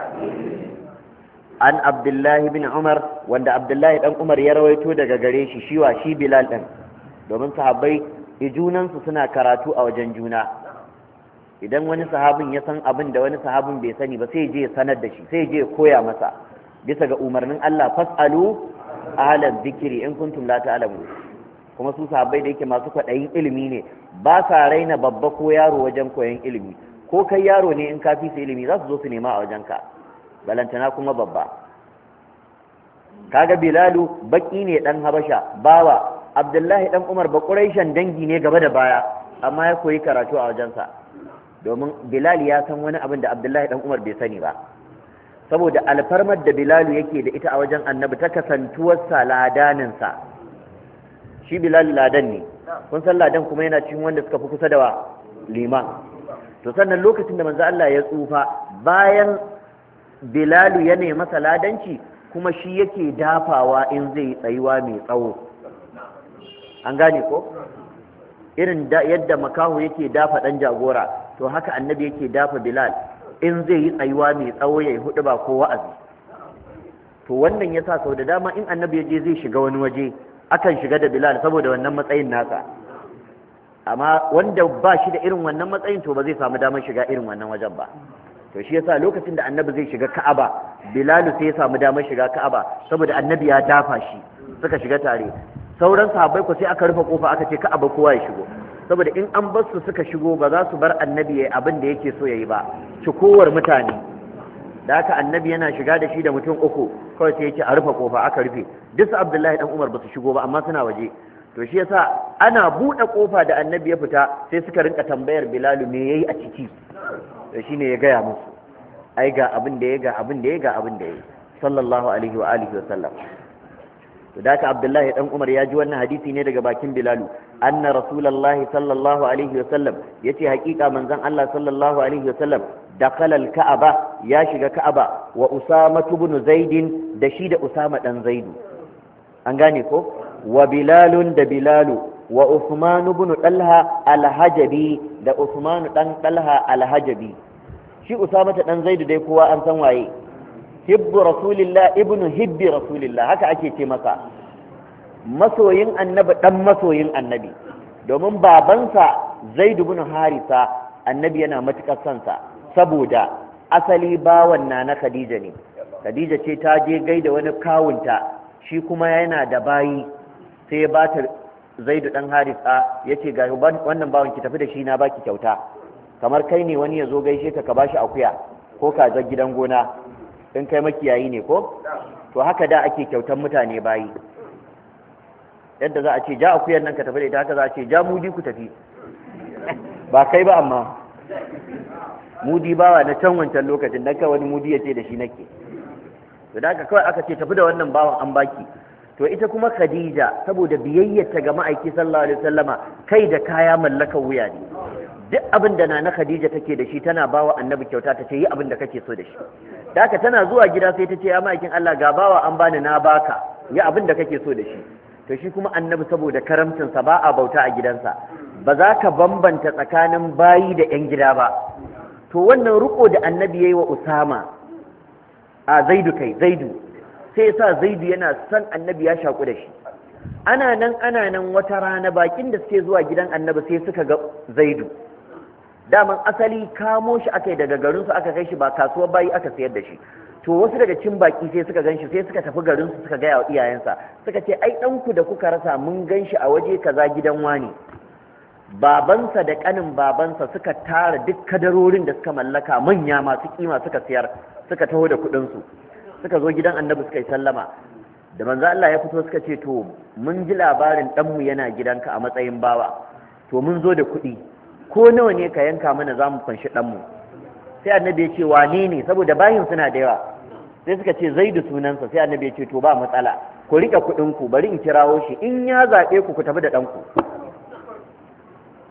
A: an abdullahi bin umar wanda abdullahi dan umar ya rawaito daga gare shi shiwa shi bilal din domin sahabbai ijunansu suna karatu a wajen juna idan wani sahabin ya san abin da wani sahabin bai sani ba sai je sanar da shi sai je koya masa bisa ga umarnin Allah fasalu ahlan zikiri in kuntum la ta'lamun kuma su sahabbai da yake masu kwaɗayin ilimi ne ba sa raina babba ko yaro wajen koyon ilimi ko kai yaro ne in ka fi su ilimi za su zo su nema a wajen ka? balantana kuma babba kaga bilalu baki ne dan habasha bawa abdullahi dan umar ba quraishan dangi ne gaba da baya amma ya koyi karatu a wajensa domin bilal ya san wani abin da abdullahi dan umar bai sani ba saboda alfarmar da bilal yake da ita a wajen annabi ta kasantuwarsa ladaninsa shi bilal ladan ne kun san ladan kuma yana cikin wanda suka fi kusa da wa liman to sannan lokacin da manzo Allah ya tsufa bayan Bilal ya nemi masa ladanci kuma shi yake dafawa in zai tsayuwa mai tsawo an gane ko irin yadda makaho yake dafa dan jagora to haka annabi yake dafa bilal in zai yi tsayuwa mai tsawo ya yi hudu ba ko wa'azi to wannan yasa sau da dama in annabi ya je zai shiga wani waje akan shiga da bilal saboda wannan matsayin nasa amma wanda ba shi da irin wannan matsayin to ba zai samu damar shiga irin wannan wajen ba to shi yasa lokacin da annabi zai shiga ka'aba bilalu sai ya samu damar shiga ka'aba saboda annabi ya dafa shi suka shiga tare sauran sahabbai ku sai aka rufe kofa aka ce ka'aba kowa ya shigo saboda in an bar su suka shigo ba za su bar annabi ya abin da yake so ya yi ba cikowar mutane da haka annabi yana shiga da shi da mutum uku kawai sai yake a rufe kofa aka rufe duk abdullahi dan umar ba su shigo ba amma suna waje to shi yasa ana buɗe kofa da annabi ya fita sai suka rinka tambayar bilalu me yayi a ciki to shine ya gaya musu ai ga abin da ya ga abin da ya ga abin da ya sallallahu alaihi wa alihi wa sallam to da haka abdullahi dan umar ya ji wannan hadisi ne daga bakin bilalu anna rasulullahi sallallahu alaihi wa sallam yace hakika manzan Allah sallallahu alaihi wa sallam dakhala al-ka'aba ya shiga ka'aba wa usama ibn Zaidin da shi da usama dan Zaidu. an gane ko wa bilalun da bilalu wa usman ibn talha Alhajabi da usman dan talha Alhajabi shi usama dan Zaidu dai kowa an san waye hibbu rasulillah ibnu hibbi rasulillah haka ake ce masa masoyin annabi dan masoyin annabi domin babansa zaid ibn harisa annabi yana matukar sansa saboda asali bawan na na khadija ne khadija ce ta je gaida wani kawunta shi kuma yana da bayi sai ya bata zaidu dan harisa ya ce ga wannan bawan ki tafi da shi na baki kyauta kamar kai ne wani ya zo gaishe ka ka bashi akuya ko kaza gidan gona in kai makiyayi ne ko to haka da ake kyautan mutane bayi yadda za a ce ja akuyar nan ka tafi da ita haka za a ce ja mudi ku tafi
B: ba kai ba amma mudi
A: bawa na can wancan lokacin dan kawai mudi ya ce da shi nake to da haka kawai aka ce tafi da wannan bawan an baki to ita kuma Khadija saboda biyayyarta ga ma'aiki sallallahu alaihi wasallama kai da kaya mallakar wuya ne duk abin da nana Khadija take da shi tana bawa annabi kyauta ta ce yi abin da kake so da shi da haka tana zuwa gida sai ta ce ya ma'aikin Allah ga bawa an bani na baka yi abin da kake so da shi to shi kuma annabi saboda karamcinsa ba a bauta a gidansa ba za ka bambanta tsakanin bayi da 'yan gida ba to wannan riko da annabi ya yi wa usama a zaidu kai zaidu sai sa zaidu yana son annabi ya shaku da shi ana nan ana nan wata rana bakin da suke zuwa gidan annabi sai suka ga zaidu daman asali kamo shi aka yi daga garinsu aka kai shi ba kasuwar bayi aka sayar da shi to wasu daga cin baki sai suka ganshi sai suka tafi garin su suka gaya wa iyayensa suka ce ai ɗanku da kuka rasa mun ganshi a waje kaza gidan wani babansa da ƙanin babansa suka tara duk kadarorin da suka mallaka manya masu kima suka siyar suka taho da kuɗinsu suka zo gidan annabi suka yi sallama da manzo Allah ya fito suka ce to mun ji labarin mu yana gidanka a matsayin bawa to mun zo da kuɗi ko nawa ne ka yanka mana zamu mu fanshi ɗanmu sai annabi ya ce wane ne saboda bayin suna da yawa sai suka ce zai zaidu sunansa sai annabi ya ce to ba matsala ku rike kuɗin ku bari in kirawo shi in ya zaɓe ku ku tafi da ɗanku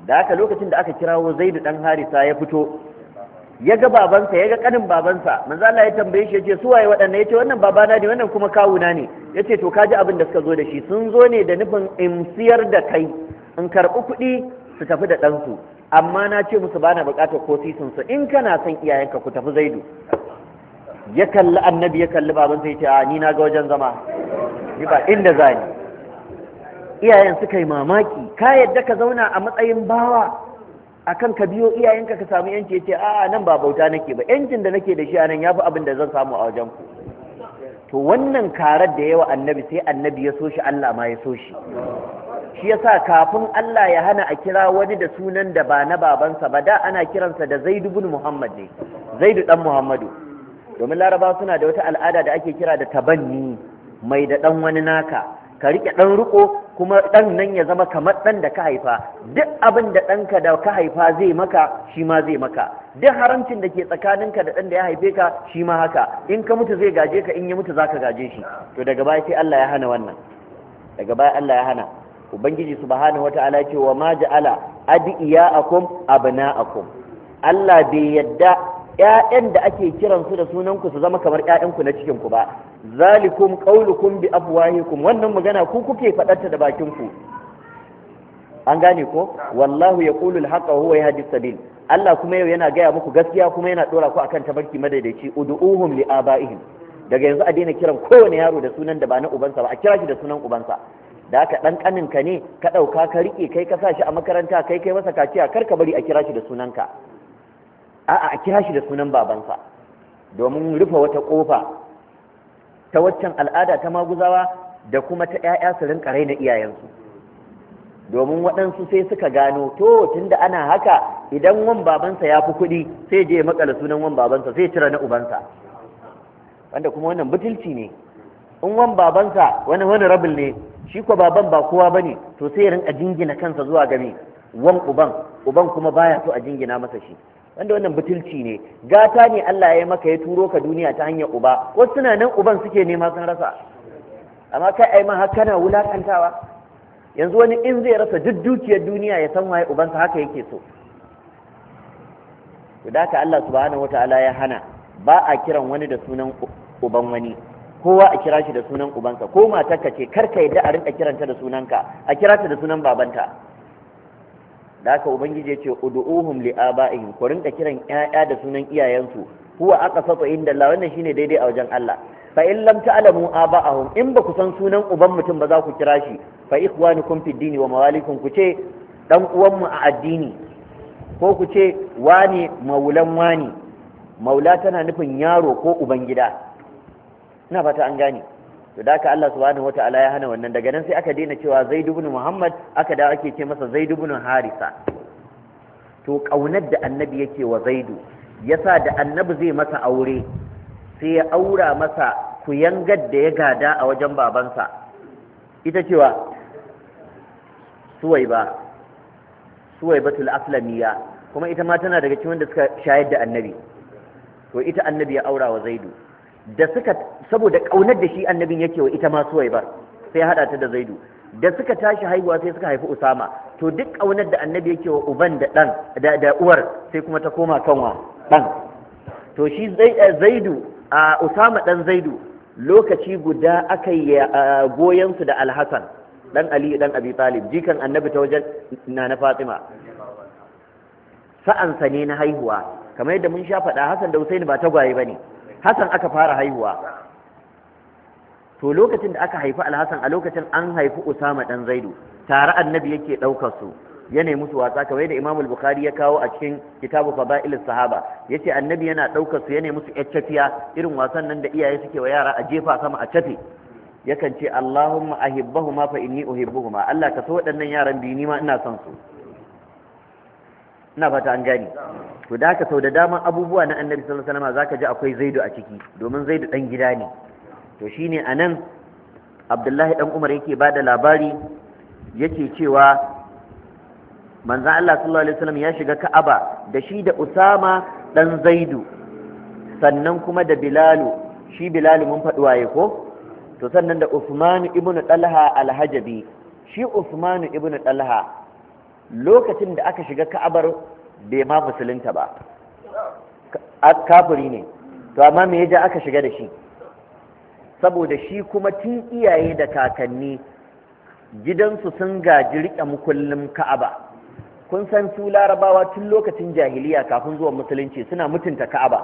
A: da haka lokacin da aka kirawo zai zaidu dan harisa ya fito ya ga babansa ya ga kanin babansa manzo Allah ya tambaye shi yace su waye waɗannan ce wannan babana ne wannan kuma kawuna ne ce to ka ji abin da suka zo da shi sun zo ne da nufin in siyar da kai in karɓi kuɗi su tafi da ɗansu amma na ce musu bana buƙatar ko sisinsu, su in kana son iyayenka ku tafi zaidu ya kalli annabi ya kalli baban sai ce a ni na ga wajen zama ni ba inda za ni. iyayen suka yi mamaki ka yadda ka zauna a matsayin bawa akan ka biyo iyayenka ka samu yanci ya ce a nan ba bauta nake ba yancin da nake da shi a nan yafi abin da zan samu a wajen ku to wannan karar da yawa annabi sai annabi ya so shi Allah ma ya so shi shi yasa kafin Allah ya hana a kira wani da sunan da ba na babansa ba da ana kiransa da Zaid ibn Muhammad ne Zaid dan Muhammadu domin Laraba suna da wata al'ada da ake kira da tabanni mai da dan wani naka ka rike dan riko kuma dan nan ya zama kamar dan da ka haifa duk abin da danka da ka haifa zai maka shi ma zai maka duk haramcin da ke tsakaninka da dan da ya haife ka shi ma haka in ka mutu zai gaje ka in ya mutu zaka gaje shi to daga baya sai Allah ya hana wannan daga baya Allah ya hana ubangiji subhanahu wata'ala ce wa ma ja'ala adiyakum abna'akum Allah bai yadda 'ya'yan da ake kiran su da sunanku ku su zama kamar ƴaƴan ku na cikin ba zalikum qaulukum bi afwahikum wannan magana ku kuke faɗarta da bakin ku an gane ko wallahu yaqulul wa huwa yahdi sabil Allah kuma yau yana gaya muku gaskiya kuma yana dora ku akan tabarki madaidaici ud'uhum li abaihim daga yanzu a daina kiran kowane yaro da sunan da ba na ubansa ba a kira shi da sunan ubansa da aka dan kanin ka ne ka ɗauka ka rike kai ka sa shi a makaranta kai kai masa kaciya kar ka bari a kira shi da sunanka a'a a kira shi da sunan babansa domin rufe wata kofa ta waccan al'ada ta maguzawa da kuma ta ƴaƴa su rinka raina iyayensu domin waɗansu sai suka gano to tunda ana haka idan wan babansa ya fi kuɗi sai je makala sunan wan babansa sai cire na ubansa wanda kuma wannan butulci ne in wan babansa wani wani rabin ne shi ko baban ba kowa bane to sai ya rinka jingina kansa zuwa game wan uban uban kuma baya so a jingina masa shi wanda wannan butulci ne gata ne Allah ya maka ya turo ka duniya ta hanyar uba wasu suna nan uban suke nema sun rasa amma kai ai ma har kana wulakantawa yanzu wani in zai rasa duk dukiyar duniya ya san waye ubansa haka yake so to da Allah subhanahu wataala ya hana ba a kiran wani da sunan uban wani kowa a kira shi da sunan ubanka ko matarka ce kar ka yadda a rinka kiranta da sunanka a kira ta da sunan babanta da haka ubangiji ce ud'uhum li aba'ihim ku rinka kiran ƴaƴa da sunan iyayensu huwa aqsatu inda Allah wannan shine daidai a wajen Allah fa in lam ta'lamu aba'ahum in ba ku san sunan uban mutum ba za ku kira shi fa ikhwanukum fid dini wa mawalikum ku ce dan uwanmu a addini ko ku ce wani maulan wani maula tana nufin yaro ko ubangida ina fata an gane to da ka Allah subhanahu wataala ya hana wannan daga nan sai aka daina cewa Zaid ibn Muhammad aka da ake ce masa Zaid ibn Harisa to kaunar da annabi yake wa Zaidu yasa da annabi zai masa aure sai ya aura masa kuyangar da ya gada a wajen babansa ita cewa Suwaiba Suwaibatul Aslamiya kuma ita ma tana daga cikin wanda suka shayar da annabi to ita annabi ya aura wa Zaidu da suka saboda kaunar da shi annabin yake wa ita ma suwai ba sai hada ta da zaidu da suka tashi haihuwa sai suka haifi usama to duk kaunar da annabi yake wa uban da dan da, uwar sai kuma ta koma kanwa dan to shi eh, zaidu a usama dan zaidu lokaci guda aka yi eh, su da alhassan dan ali dan abi talib jikan annabi ta wajen na fatima sa'ansa ne na haihuwa kamar yadda mun sha faɗa hassan da husaini ba tagwaye ba ne Hassan aka fara haihuwa to lokacin da aka haifi Alhassan a lokacin an haifi Usama dan Zaidu tare annabi yake daukar su ya nemi su wasa kawai da Imam al-Bukhari ya kawo a cikin Kitabu Fada'il sahaba yace annabi yana daukar su ya nemi su yaccafiya irin wasan nan da iyaye suke wa yara a jefa sama a cafe yakan ce Allahumma ahibbahuma fa inni uhibbuhuma Allah ka so waɗannan yaran biyu ni ma ina son su ina fata an gani to da haka sau da dama abubuwa na annabi sallallahu alaihi wasallam zaka ji akwai zaidu a ciki domin zaidu dan gida ne to shine anan abdullahi dan umar yake bada labari yake cewa manzan Allah sallallahu alaihi wasallam ya shiga Ka'aba da shi da Usama dan Zaidu sannan kuma da Bilalu shi Bilalu mun faɗi waye ko to sannan da Usman ibn Talha Alhajabi. shi Usman ibn Talha lokacin da aka shiga Ka'abar bai ma musulunta ba kafiri ne to amma me ja aka shiga da shi saboda shi kuma tun iyaye da kakanni gidansu sun gaji riƙe mukullin ka'aba kun san su larabawa tun lokacin jahiliya kafin zuwa musulunci suna mutunta ka'aba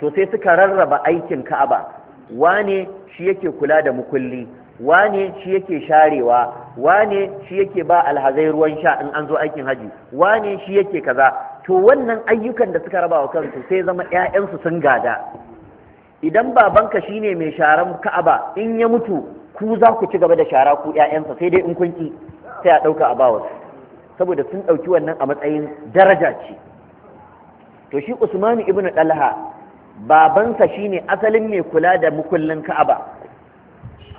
A: to sai suka rarraba aikin ka'aba wane shi yake kula da mukulli wane shi yake sharewa wane shi yake ba alhazai ruwan sha in an zo aikin haji wane shi yake kaza to wannan ayyukan da suka raba wa kansu sai zama 'ya'yansu sun gada idan babanka shine mai sharan ka'aba in ya mutu ku za ku ci gaba da shara ku 'ya'yansa sai dai in kun sai a ɗauka a bawa saboda sun ɗauki wannan a matsayin daraja ce to shi usmanu ibnu ɗalha babansa shine asalin mai kula da mukullin ka'aba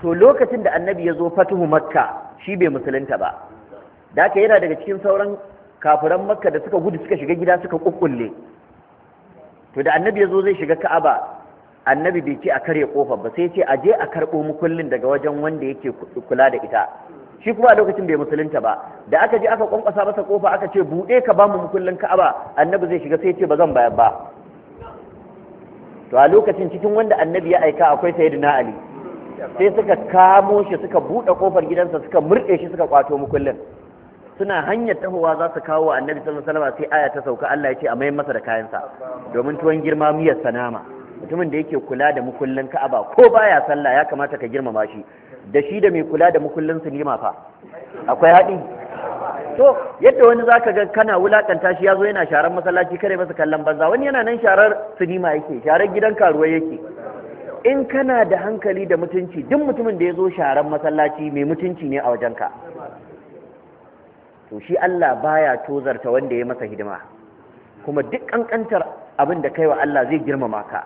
A: to lokacin da annabi ya zo fatuhu makka shi bai musulunta ba da yana daga cikin sauran kafiran makka da suka gudu suka shiga gida suka kukkulle to da annabi ya zo zai shiga ka'aba annabi bai ce a karya kofar ba sai ce a je a karɓo mukullin daga wajen wanda yake kula da ita shi kuma a lokacin bai musulunta ba da aka je aka kwankwasa masa kofa aka ce buɗe ka bamu mukullin ka'aba annabi zai shiga sai ce ba zan bayar ba to a lokacin cikin wanda annabi ya aika akwai sayyidina ali sai suka kamo shi suka buɗe kofar gidansa suka murɗe shi suka kwato mukullin suna hanyar tahowa za su kawo annabi sallallahu alaihi wasallam sai aya ta sauka Allah ya ce a mai masa da kayansa domin tuwon girma miyar sanama mutumin da yake kula da mukullin Ka'aba ko baya sallah ya kamata ka girmama shi da shi da mai kula da mukullin sinima fa akwai haɗi to yadda wani zaka ga kana wulakanta shi yazo yana sharar masallaci kare masa kallon banza wani yana nan sharar sinima yake sharar gidan karuwa yake in kana da hankali da mutunci duk mutumin da ya zo sharar masallaci mai mutunci ne a wajenka to shi Allah baya tozarta wanda ya masa hidima kuma duk kankantar abin da kai Allah zai girmama ka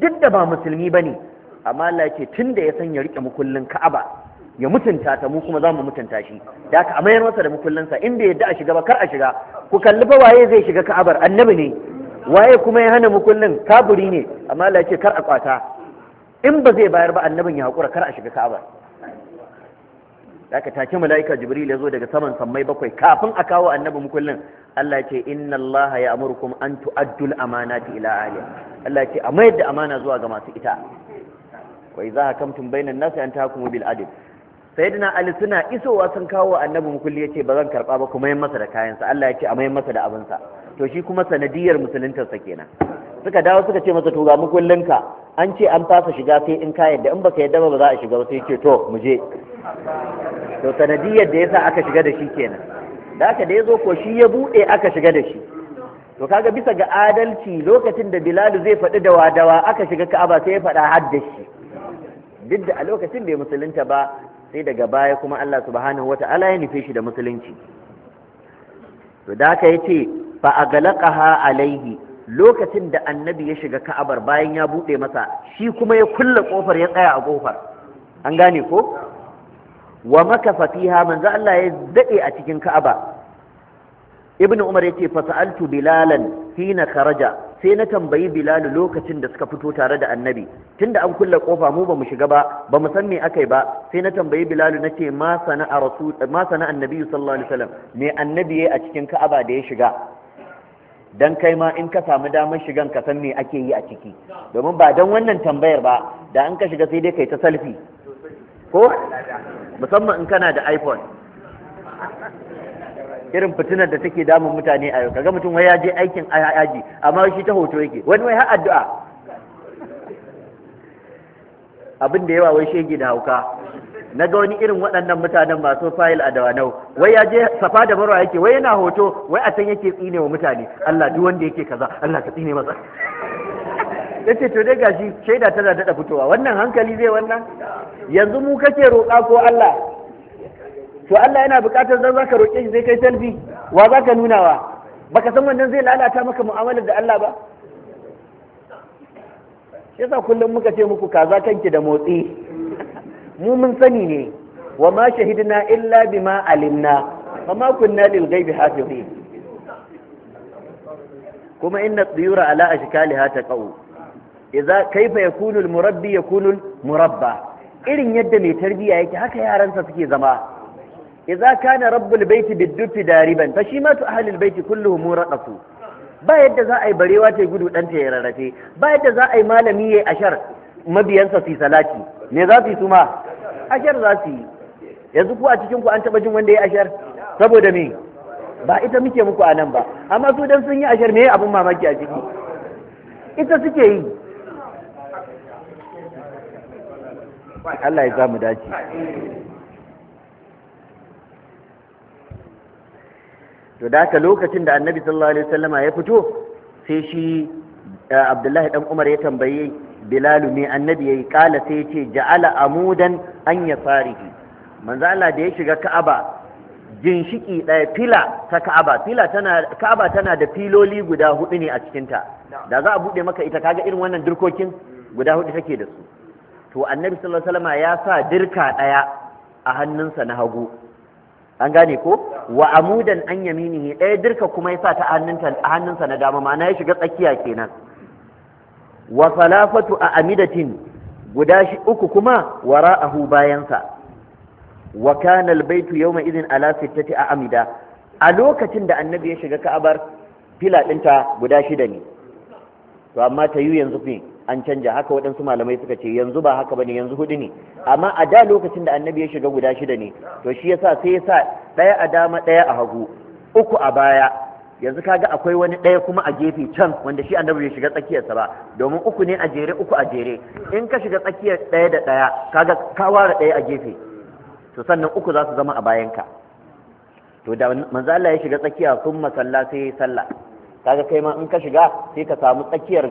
A: duk da ba musulmi bane amma Allah yake tunda ya sanya rike mukullin Ka'aba ya mutunta ta mu kuma za mutunta shi da ka amayar masa da sa, in bai yadda a shiga ba kar a shiga ku kalli fa waye zai shiga Ka'abar annabi ne waye kuma ya hana mukullin kaburi ne amma Allah yake kar a kwata in ba zai bayar ba annabin ya hakura kar a shiga Ka'abar haka take mala'ika jibril ya zo daga saman sammai bakwai kafin a kawo annabi mukullin Allah ya ce inna Allah ya amurkum an tu'addul amanati ila ahliha Allah ya ce a mayar da amana zuwa ga masu ita wa idza hakamtum bainan nasi an tahkumu bil adl sayyidina ali suna isowa sun kawo annabi mukulli yace ba zan karba ba kuma yin masa da kayansa Allah ya ce a mayin masa da sa to shi kuma sanadiyar sa kenan suka dawo suka ce masa to ga ka. an ce an fasa shiga sai in ka yadda in baka yadda ba za a shiga ba sai ce to mu je to sanadiyar da yasa aka shiga da shi kenan da aka da ya zo ko shi ya bude aka shiga da shi to kaga bisa ga adalci lokacin da Bilal zai faɗi da wadawa aka shiga Ka'aba sai ya faɗa har da shi duk da a lokacin bai musulunta ba sai daga baya kuma Allah subhanahu wata'ala ya nufe shi da musulunci to da aka yace fa aglaqaha alaihi lokacin da annabi ya shiga ka'abar bayan ya buɗe masa shi kuma ya kulle ƙofar ya tsaya a ƙofar an gane ko wa maka fiha manzo Allah ya a cikin ka'aba ibn umar yace fa sa'altu bilalan hina kharaja sai na tambayi bilal lokacin da suka fito tare da annabi tunda an kulle kofa mu ba mu shiga ba ba mu san me akai ba sai na tambayi bilal nace ma sana'a rasul ma sana'a annabi sallallahu alaihi wasallam me annabi yayi a cikin ka'aba da ya shiga dan kai ma in ka samu damar shigan ka san me ake yi a ciki domin ba dan wannan tambayar ba da an ka shiga sai dai kai ta salfi ko musamman in kana da iphone irin fitinar da take damun mutane a yau kaga mutum wai ya je aikin yaji, amma shi ta hoto yake wani wai har addu'a abin da yawa wai shege da hauka na ga wani irin waɗannan mutanen masu fayil a dawanau wai ya je safa da marwa yake wai yana hoto wai a can yake tsine wa mutane Allah duk wanda yake kaza Allah ka tsine masa yace to dai gashi shaida tana dada fitowa wannan hankali zai wannan yanzu mu kake roƙa ko Allah to Allah yana buƙatar zan zaka roƙe shi zai kai talbi wa zaka nuna wa baka san wannan zai lalata maka mu'amalar da Allah ba yasa kullum muka ce muku kaza kanki da motsi mu mun sani ne wa ma shahidna illa bima alimna fa ma kunna lil ghaibi hafizin kuma inna tsiyura ala ashkaliha taqaw idza kaifa yakunu al murabbi yakunu al murabba irin yadda mai tarbiya yake haka yaransa suke zama idza kana rabbul baiti biddufi dariban fa shi ma tu ahlul baiti kulluhum muraqafu ba yadda za a yi barewa ta gudu ɗanta ya rarrafe ba yadda za a yi malami ya ashar mabiyansa su salati me za su yi su ma ashar za su yi yanzu ku a cikin an taba jin wanda ya ashar saboda me ba ita muke muku a nan ba amma su dan sun yi ashar me abin mamaki a ciki
B: ita suke yi Allah ya za mu dace
A: to da lokacin da annabi sallallahu alaihi wasallama ya fito sai shi eh, abdullahi dan umar ya tambaye bilalu ne annabi yayi kala sai ce ja'ala amudan an ya farihi manzo Allah da ya shiga Ka'aba ginshiki ɗaya fila ta Ka'aba fila tana Ka'aba tana da filoli guda hudu ne a cikin ta da za a bude maka ita kaga irin wannan durkokin guda hudu take da su to annabi sallallahu alaihi wasallam ya sa dirka ɗaya a hannunsa na hagu an gane ko wa amudan an yaminihi ɗaya dirka kuma ya sa ta hannunsa na dama ma'ana ya shiga tsakiya kenan wa salafatu a amidatin guda shi uku kuma ra'ahu bayansa wa kana albaytu yawma idhin ala sittati a amida a lokacin da annabi ya shiga ka'abar fila ɗinta guda shida ne to amma ta yi yanzu ne an canja haka waɗansu malamai suka ce yanzu ba haka bane yanzu hudu ne amma a da lokacin da annabi ya shiga guda shida ne to shi yasa sai ya sa ɗaya a dama ɗaya a hagu uku a baya yanzu kaga akwai wani ɗaya kuma a gefe can wanda shi annabi bai shiga tsakiyarsa ba domin uku ne a jere uku a jere in ka shiga tsakiyar ɗaya da ɗaya kaga ka ware ɗaya a gefe to sannan uku za su zama a ka to da manzo Allah ya shiga tsakiya sun masalla sai ya sallah kaga kai ma in ka shiga sai ka samu tsakiyar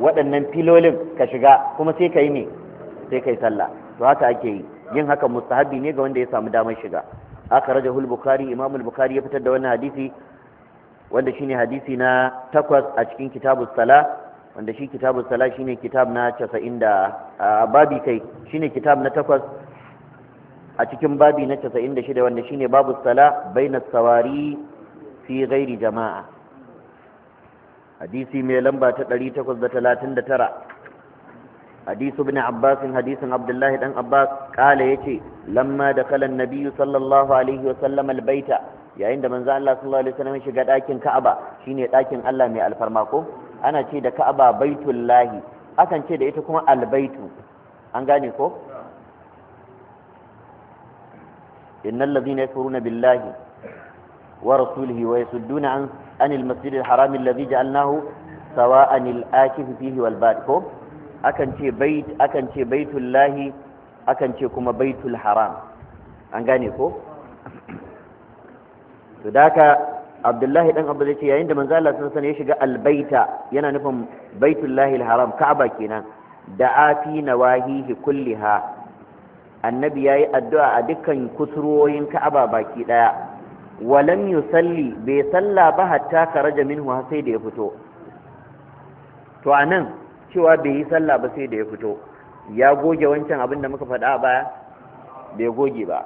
A: waɗannan filolin ka shiga kuma sai ka yi ne sai ka yi sallah to haka ake yi yin haka mustahabi ne ga wanda ya samu damar shiga aka raja hul bukari Imamul bukari ya fitar da wannan hadisi wanda shine hadisi na takwas a cikin kitabu sala wanda shi kitabu sala shine kitab na casa'in da babi kai shine kitab na takwas a cikin babi na casa'in da shida wanda shine babu sala bai na sawari fi gairi jama'a hadisi mai lamba ta ɗari takwas da talatin da tara hadisu bin Abbas hadisin abdullahi dan abbas kala yace lamma da kalan nabiyu sallallahu alaihi wa sallam albaita yayin da manzo Allah sallallahu alaihi wasallam shiga dakin Ka'aba shine dakin Allah mai alfarma ko ana ce da Ka'aba baitullahi akan ce da ita kuma albaitu an gane ko innal ladhina yakfuruna billahi wa rasulihi wa yasudduna an anil masjidil haram alladhi ja'alnahu sawa'an al-akif fihi wal bad ko akan ce bait akan ce baitullahi akan ce kuma baitul haram an gane ko to da abdullahi dan abu zai yayin da manzo Allah sun sani ya shiga albaita yana nufin baitullahi alharam ka'aba kenan da afi nawahihi kulliha annabi yayi addu'a a dukkan kusurwoyin ka'aba baki daya walam yusalli bai salla ba hatta karaja minhu sai da ya fito to anan cewa bai yi salla ba sai da ya fito ya goge wancan abin da muka faɗa baya bai goge ba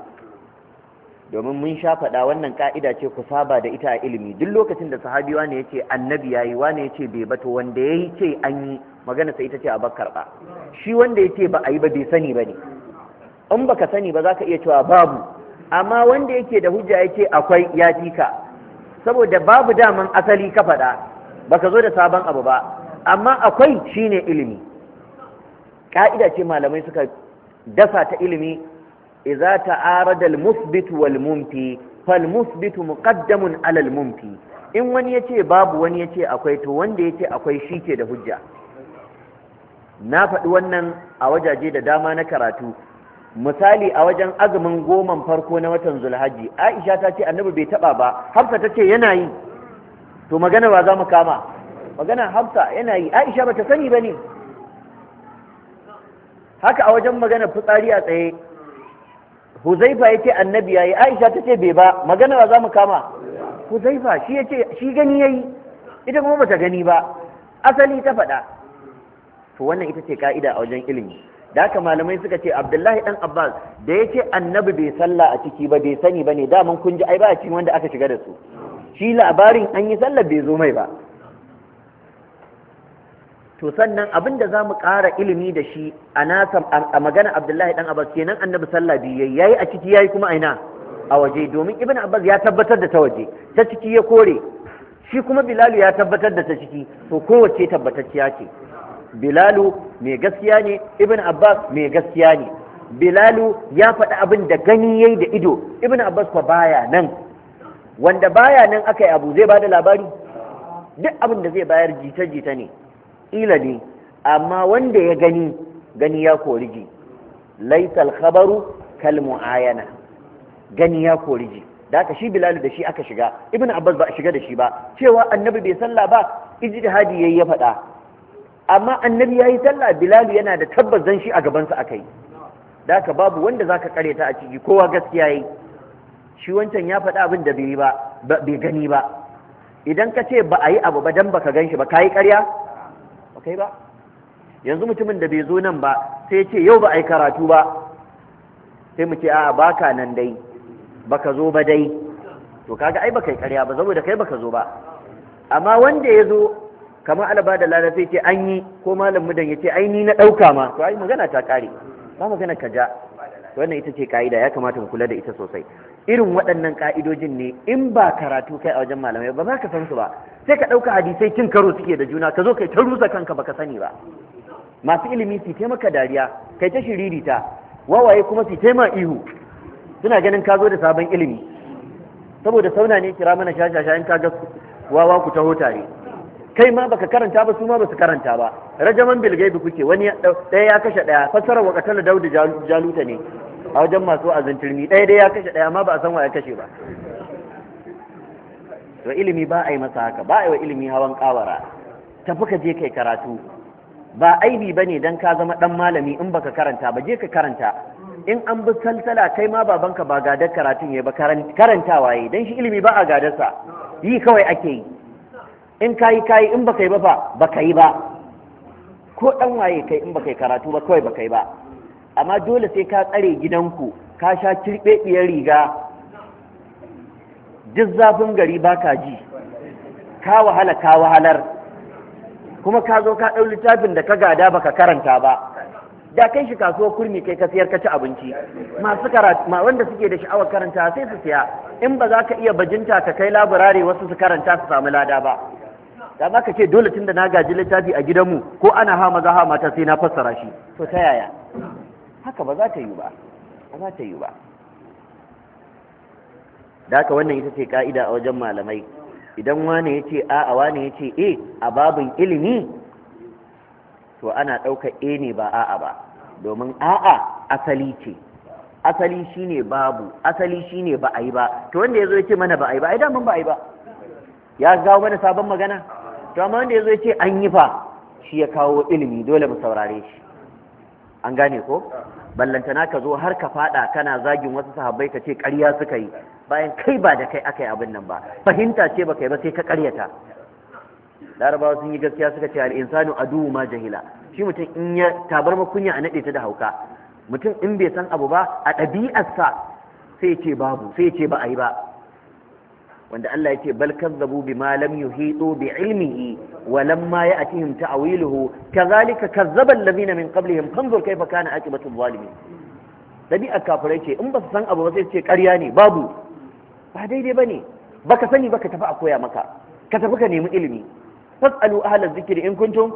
A: domin mun sha faɗa wannan ka'ida ce ku saba da ita a ilimi duk lokacin da sahabi wani ce annabi ya yayi wani ce bai bato wanda ya yi ce an yi magana sai ita ce a bakar ba shi wanda ya ce ba a yi ba bai sani ba ne in ba ka sani ba zaka iya cewa babu amma wanda yake da hujja ya ce akwai ya ka saboda babu daman asali ka faɗa baka zo da sabon abu ba amma akwai shine ilimi ka'ida ce malamai suka dasa ta ilimi idza ta'arada al-musbit wal mumti fal musbit muqaddamun ala al mumti in wani yace babu wani yace akwai to wanda yace akwai shike da hujja na faɗi wannan a wajaje da dama na karatu misali a wajen azumin goman farko na watan zulhaji aisha ta ce annabi bai taba ba hafsa ta ce yana yi to magana ba za mu kama magana hafsa yana yi aisha ba ta sani ba ne haka a wajen magana fitsari a tsaye huzaifa ya ce annabi ya yi aisha tace bai ba magana ba za mu kama huzaifa shi ya ce shi gani ya yi ita kuma bata gani ba asali ta faɗa to wannan ita ce ka'ida a wajen ilimi da haka malamai suka ce abdullahi dan abbas da yace annabi bai sallah a ciki ba bai sani ba ne daman kun ji ai ba a cikin wanda aka shiga da su shi labarin an yi sallah bai zo mai ba to sannan abin da za mu ƙara ilimi da shi a nasa a magana abdullahi dan abbas kenan annabi sallah biyu yayi a ciki yayi kuma aina a waje domin ibn abbas ya tabbatar da ta waje ta ciki ya kore shi kuma bilalu ya tabbatar da ta ciki to kowace tabbatacciya ce bilalu mai gaskiya ne ibn abbas mai gaskiya ne bilalu ya faɗi abin da gani yayi da ido ibn abbas kwa baya nan wanda baya nan aka yi abu zai ba da labari duk abin da zai bayar jita-jita ne kila ne amma wanda ya gani gani ya kori ji laisal khabaru kal muayana gani ya kori ji da aka shi bilal da shi aka shiga ibn abbas ba a shiga da shi ba cewa annabi bai sallah ba ijtihadi yayi ya faɗa amma annabi yayi sallah bilal yana da tabbas zan shi a gaban sa akai da aka babu wanda zaka kare ta a ciki kowa gaskiya yayi shi wancan ya faɗa abin da bai ba bai gani ba idan ka ce ba a yi abu ba dan baka gan shi ba kayi ƙarya kai ba yanzu mutumin da bai zo nan ba sai ce yau ba a yi karatu ba sai mu ce a baka nan dai baka zo ba dai to kaga ai baka yi karya ba saboda kai baka zo ba amma wanda ya zo kamar alaba da lada sai ce an yi ko malam mudan ya ce ai ni na ɗauka ma to ai magana ta kare ba magana ka ja wannan ita ce ka'ida ya kamata mu kula da ita sosai irin waɗannan ka'idojin ne in ba karatu kai a wajen malamai ba za ka san su ba sai ka ɗauka hadisai cin karo suke da juna ka zo kai ta rusa kanka baka sani ba masu ilimi su taimaka dariya kai ta shiririta wawaye kuma su taimaka ihu suna ganin ka zo da sabon ilimi saboda sauna ne kira mana shashasha in ka ga wawa ku taho tare kai ma baka karanta ba su ma basu karanta ba rajaman bilgaibi kuke wani ɗaya ya kashe ɗaya fassara wa katala daudi jaluta ne a wajen masu azin turmi ɗaya dai ya kashe ɗaya amma ba a san wa ya kashe ba wa ilimi ba a yi masa haka ba a yi wa ilimi hawan kawara tafi ka je kai karatu ba aibi ba ne don ka zama ɗan malami in baka karanta ba je ka karanta in an bi salsala kai ma babanka ba gadar karatun ya ba karantawa ya yi don shi ilimi ba a gadarsa yi kawai ake yi in ka kayi kayi in baka yi ba ba baka yi ba ko dan waye kai in baka yi karatu ba kawai baka yi ba amma dole sai ka tsare gidanku ka sha kirɓeɓiyar riga duk zafin gari baka ji ka wahala ka wahalar kuma ka zo ka ɗau littafin da ka gada baka karanta ba da kai shi kasuwar kurmi kai ka siyar ka ci abinci masu karatu ma wanda suke da sha'awar karanta sai su siya in ba za ka iya bajinta ka kai laburare wasu su karanta su samu lada ba da za ka ce dole tun da na gaji littafi a gidanmu ko ana ha maza ha mata sai na fassara shi to ta yaya haka ba za ta yi ba ba za ta yi ba da haka wannan ita ce ka'ida a wajen malamai idan wane ya ce a a wane ya ce e a babin ilimi to ana ɗauka e ne ba a'a ba domin a'a asali ce asali shine babu asali shine ba a yi ba to wanda ya zo ya ce mana ba a yi ba ai daman ba a yi ba ya gawo mana sabon magana to amma wanda ya ce an yi fa shi ya kawo ilimi dole mu saurare shi an gane ko ballantana ka zo har ka fada kana zagin wasu sahabbai ka ce ƙarya suka yi bayan kai ba da kai aka yi abin nan ba fahimta ce baka yi ba sai ka ƙaryata larabawa sun yi gaskiya suka ce al-insanu aduwu ma jahila shi mutum in ya tabar makunya a naɗe ta da hauka mutum in bai san abu ba a ɗabi'arsa sai ce babu sai ce ba a yi ba wanda Allah ya ce bal bi malam yu yuhitu bi ilmihi wa lamma ya'tihim ta'wiluhu kadhalika kazzaba allazina min qablihim fanzur kayfa kana aqibatu zalimin dabi'a kafirai ce in ba su san abu ba sai ce karya ne babu ba daidai ba ka sani ka tafi a koya maka ka tafi ka nemi ilimi fasalu ahalar zikiri in kuntum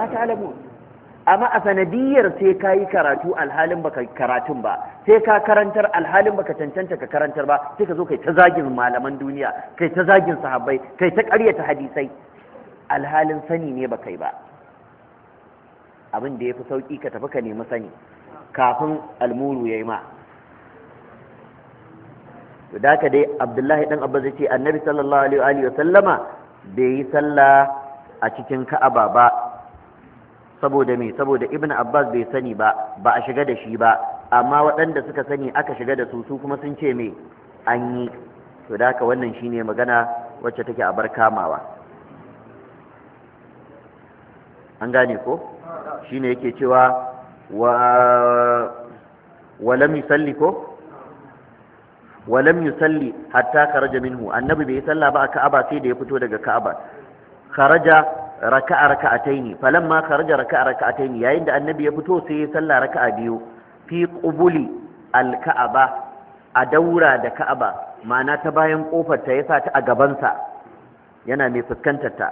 A: la ta'lamun amma a sanadiyar sai ka yi karatu alhalin baka karatun ba sai ka karantar alhalin baka cancanta ka karantar ba sai ka zo kai ta zagin malaman duniya kai ta zagin sahabbai kai ta ƙaryata hadisai alhalin sani ne baka yi ba abin da ya fi sauƙi ka tafi ka nemi sani kafin almuru ya yi ma da ka dai abdullahi dan abba zai ce annabi sallallahu alaihi wa sallama bai yi sallah a cikin ka'aba ba saboda me saboda ibn abbas bai sani ba ba a shiga da shi ba amma waɗanda suka sani aka shiga da su su kuma sun ce me an yi to da haka wannan shine magana wacce take a bar kamawa an gane ko shine yake cewa wa walam yusalli ko walam yusalli hatta kharaja minhu annabi bai salla ba a ka'aba sai da ya fito daga ka'aba kharaja raka'a raka'ataini falamma kharaja raka'a raka'ataini yayin da annabi ya fito sai ya salla raka'a biyu fi qubuli alka'aba a daura da ka'aba ma'ana ta bayan kofar ta yasa ta a gaban sa yana mai fuskantar ta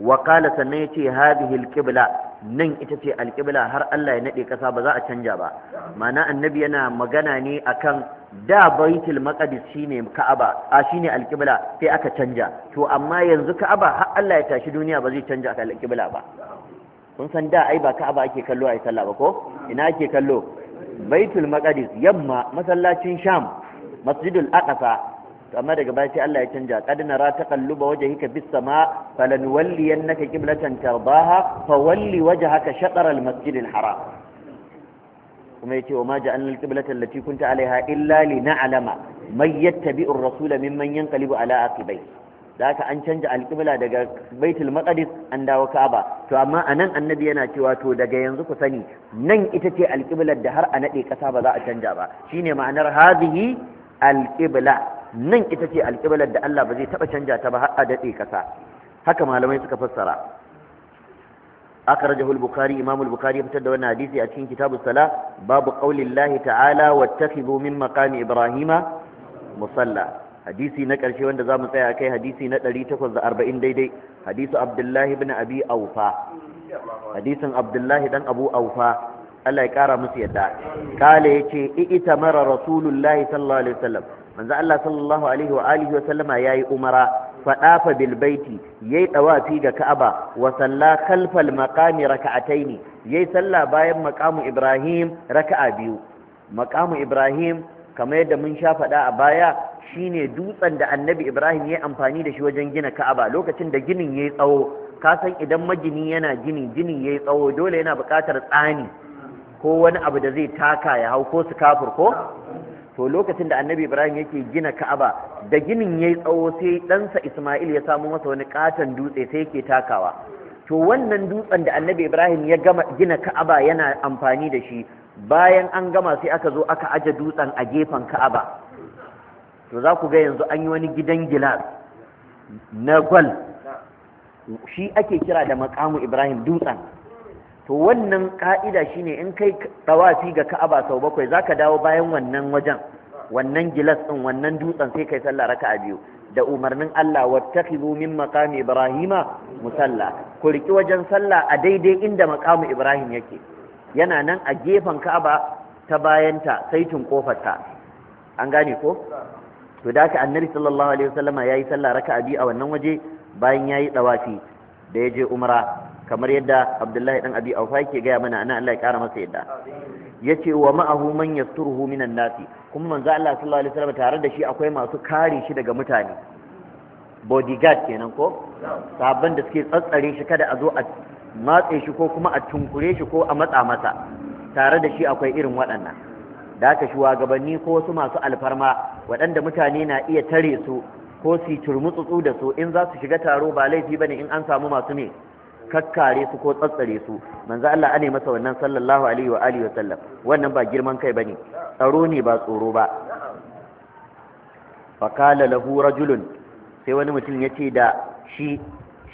A: wa qala sannan yace hadhihi alqibla nan ita ce alqibla har Allah ya naɗe kasa ba za a canja ba Mana annabi yana magana ne a kan da baitul maqdis shine ka'aba a aka canja to amma yanzu ka'aba har Allah ya tashi duniya ba zai canja alqibla ba kun san da ai ba ka'aba ake kallo ai sallah ba ko ina ake kallo baitul yamma masallacin sham masjidul aqsa to amma daga baya sai Allah ya canja qad nara taqalluba wajhika bis sama falanuwalliyannaka qiblatan tardaha walli wajhaka shatr al masjid al haram kuma yace wa ma ja'alna al qiblata allati kunta alaiha illa lina'lama man yattabi'ur rasula mimman yanqalibu ala aqibai da haka an canja alƙibla daga baitul maqdis an dawo ka'aba to amma anan annabi yana cewa to daga yanzu ku sani nan ita ce alƙiblar da har a naɗe ƙasa ba za a canja ba shine ma'anar hadhihi alƙibla nan ita ce alƙiblar da Allah ba zai taɓa canja ta ba har a daɗe ƙasa haka malamai suka fassara Aka raja bukhari imam al-bukhari ya fitar da wannan hadisi a cikin kitabu sala babu qaulillahi ta'ala wattakhidhu min maqami ibrahima musalla hadisi na ƙarshe wanda za mu tsaya kai, hadisi na ɗari takwas da arba'in daidai hadisu abdullahi bin abi aufa hadisin abdullahi dan abu aufa Allah ya ƙara musu yadda kale yace i'tamara rasulullahi sallallahu alaihi wasallam manzo Allah sallallahu alaihi wa alihi wa sallama yayi umara fadafa bil baiti yayi dawafi ga Ka'aba wa salla kalfal maqami raka'ataini yayi salla bayan maqamu Ibrahim raka'a biyu maqamu Ibrahim kamar yadda mun sha fada a baya shine dutsen da Annabi Ibrahim yayi amfani da shi wajen gina Ka'aba lokacin da ginin yayi tsawo ka san idan magini yana gini ginin yayi tsawo dole yana buƙatar tsani ko wani abu da zai taka ya hau ko su kafur ko to lokacin da annabi ibrahim yake gina ka'aba da ginin ya yi tsawo sai ɗansa isma'il ya samu masa wani katon dutse sai yake takawa to wannan dutsen da annabi ibrahim ya gama gina ka'aba yana amfani da shi bayan an gama sai aka zo aka aje dutsen a gefen ka'aba to za ku ga yanzu an yi wani gidan gilas na gwal shi ake kira da makamu ibrahim dutsen to wannan ka'ida shine in kai tawafi ga Ka'aba sau bakwai zaka dawo bayan wannan wajen wannan gilas din wannan dutsen sai kai sallah raka'a biyu da umarnin Allah wattakhidhu min maqami ibrahima musalla ku riki wajen sallah a daidai inda maqamu ibrahim yake yana nan a gefen Ka'aba ta bayanta saitin ta an gane ko to da ka annabi sallallahu alaihi wasallama yayi sallah raka'a biyu a wannan waje bayan yayi tawafi da ya je umra kamar yadda abdullahi dan abi aufa ke gaya mana ana Allah ya kara masa yadda yace wa ma'ahu man yasturuhu minan nasi kuma manzo Allah sallallahu alaihi wasallam tare da shi akwai masu kare shi daga mutane bodyguard kenan ko sabban da suke tsatsare shi kada a zo a matse shi ko kuma a tunkure shi ko a matsa masa tare da shi akwai irin waɗannan da wa gabanni ko wasu masu alfarma waɗanda mutane na iya tare su ko su turmutsutsu da su in za su shiga taro ba laifi ba ne in an samu masu ne kakkare su ko tsatsare su manzo Allah ane masa wannan sallallahu alaihi wa alihi wa wannan ba girman kai bane tsaro ne ba tsoro ba faqala lahu rajulun sai wani mutum yace da shi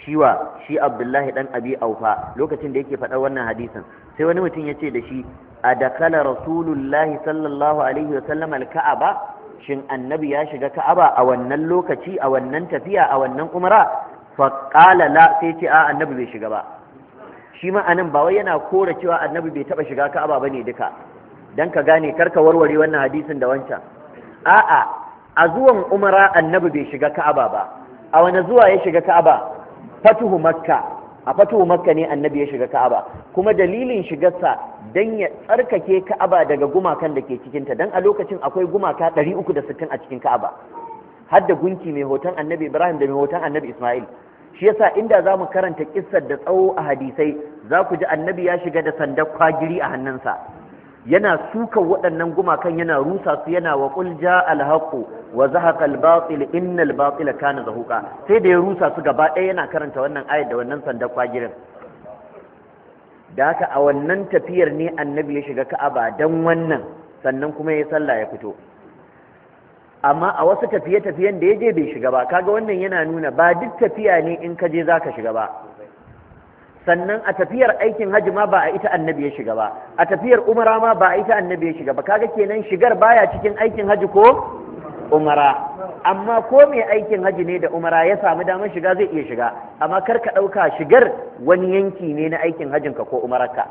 A: shiwa shi Abdullahi dan Abi Aufa lokacin da yake faɗa wannan hadisin sai wani mutum yace da shi adakala rasulullahi sallallahu alaihi wa sallam shin annabi ya shiga ka'aba a wannan lokaci a wannan tafiya a wannan umara fa qala la sai ce a annabi bai shiga ba shi ma anan ba wai yana kora cewa annabi bai taba shiga ka'aba bane duka dan ka gane karka warware wannan hadisin da wancan a'a a zuwan umara annabi bai shiga ka'aba ba a wani zuwa ya shiga ka'aba fatuhu makka a fatuhu makka ne annabi ya shiga ka'aba kuma dalilin shigarsa dan ya tsarkake ka'aba daga gumakan da ke cikinta dan a lokacin akwai gumaka 360 a cikin ka'aba har da gunki mai hoton annabi ibrahim da mai hoton annabi isma'il shi yasa inda za mu karanta kissar da tsawo a hadisai za ku ji annabi ya shiga da sandar kwagiri a hannunsa yana sukan waɗannan gumakan yana rusa su yana wa qul ja'al haqqu wa zahaqa al batil innal kana zahuka sai da ya rusa su gaba ɗaya yana karanta wannan ayat da wannan sandar kwagirin da haka a wannan tafiyar ne annabi ya shiga ka'aba dan wannan sannan kuma ya sallah ya fito amma a wasu tafiye-tafiyen da ya je bai shiga ba kaga wannan yana nuna ba duk tafiya ne in ka je za ka shiga ba sannan a tafiyar aikin hajji ma ba a ita annabi ya shiga ba a tafiyar umara ma ba a ita annabi ya shiga ba kaga kenan shigar baya cikin aikin hajji ko umara amma ko mai aikin hajji ne da umara ya samu damar shiga zai iya shiga amma kar ka ɗauka shigar wani yanki ne na aikin hajjinka ko umararka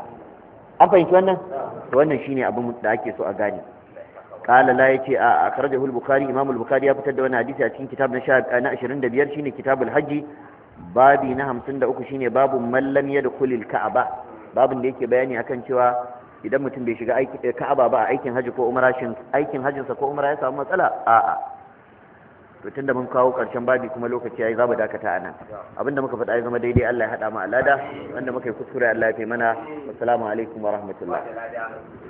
A: an fahimci wannan wannan shine abin da ake so a gane qala ya ce a akhrajahu al-bukhari imam al ya fitar da wannan hadisi a cikin kitab na 25 shine kitabul hajji babi na 53 shine babu man lam yadkhul kaaba babin da bayani akan cewa idan mutum bai shiga ka'aba ba a aikin haji ko umara shin aikin ko ya samu matsala a'a to tunda mun kawo karshen babi kuma lokaci yayi zamu dakata anan abinda muka faɗa ya zama daidai Allah ya hada mu alada wanda muka yi kuskure Allah ya fi mana assalamu alaikum wa rahmatullah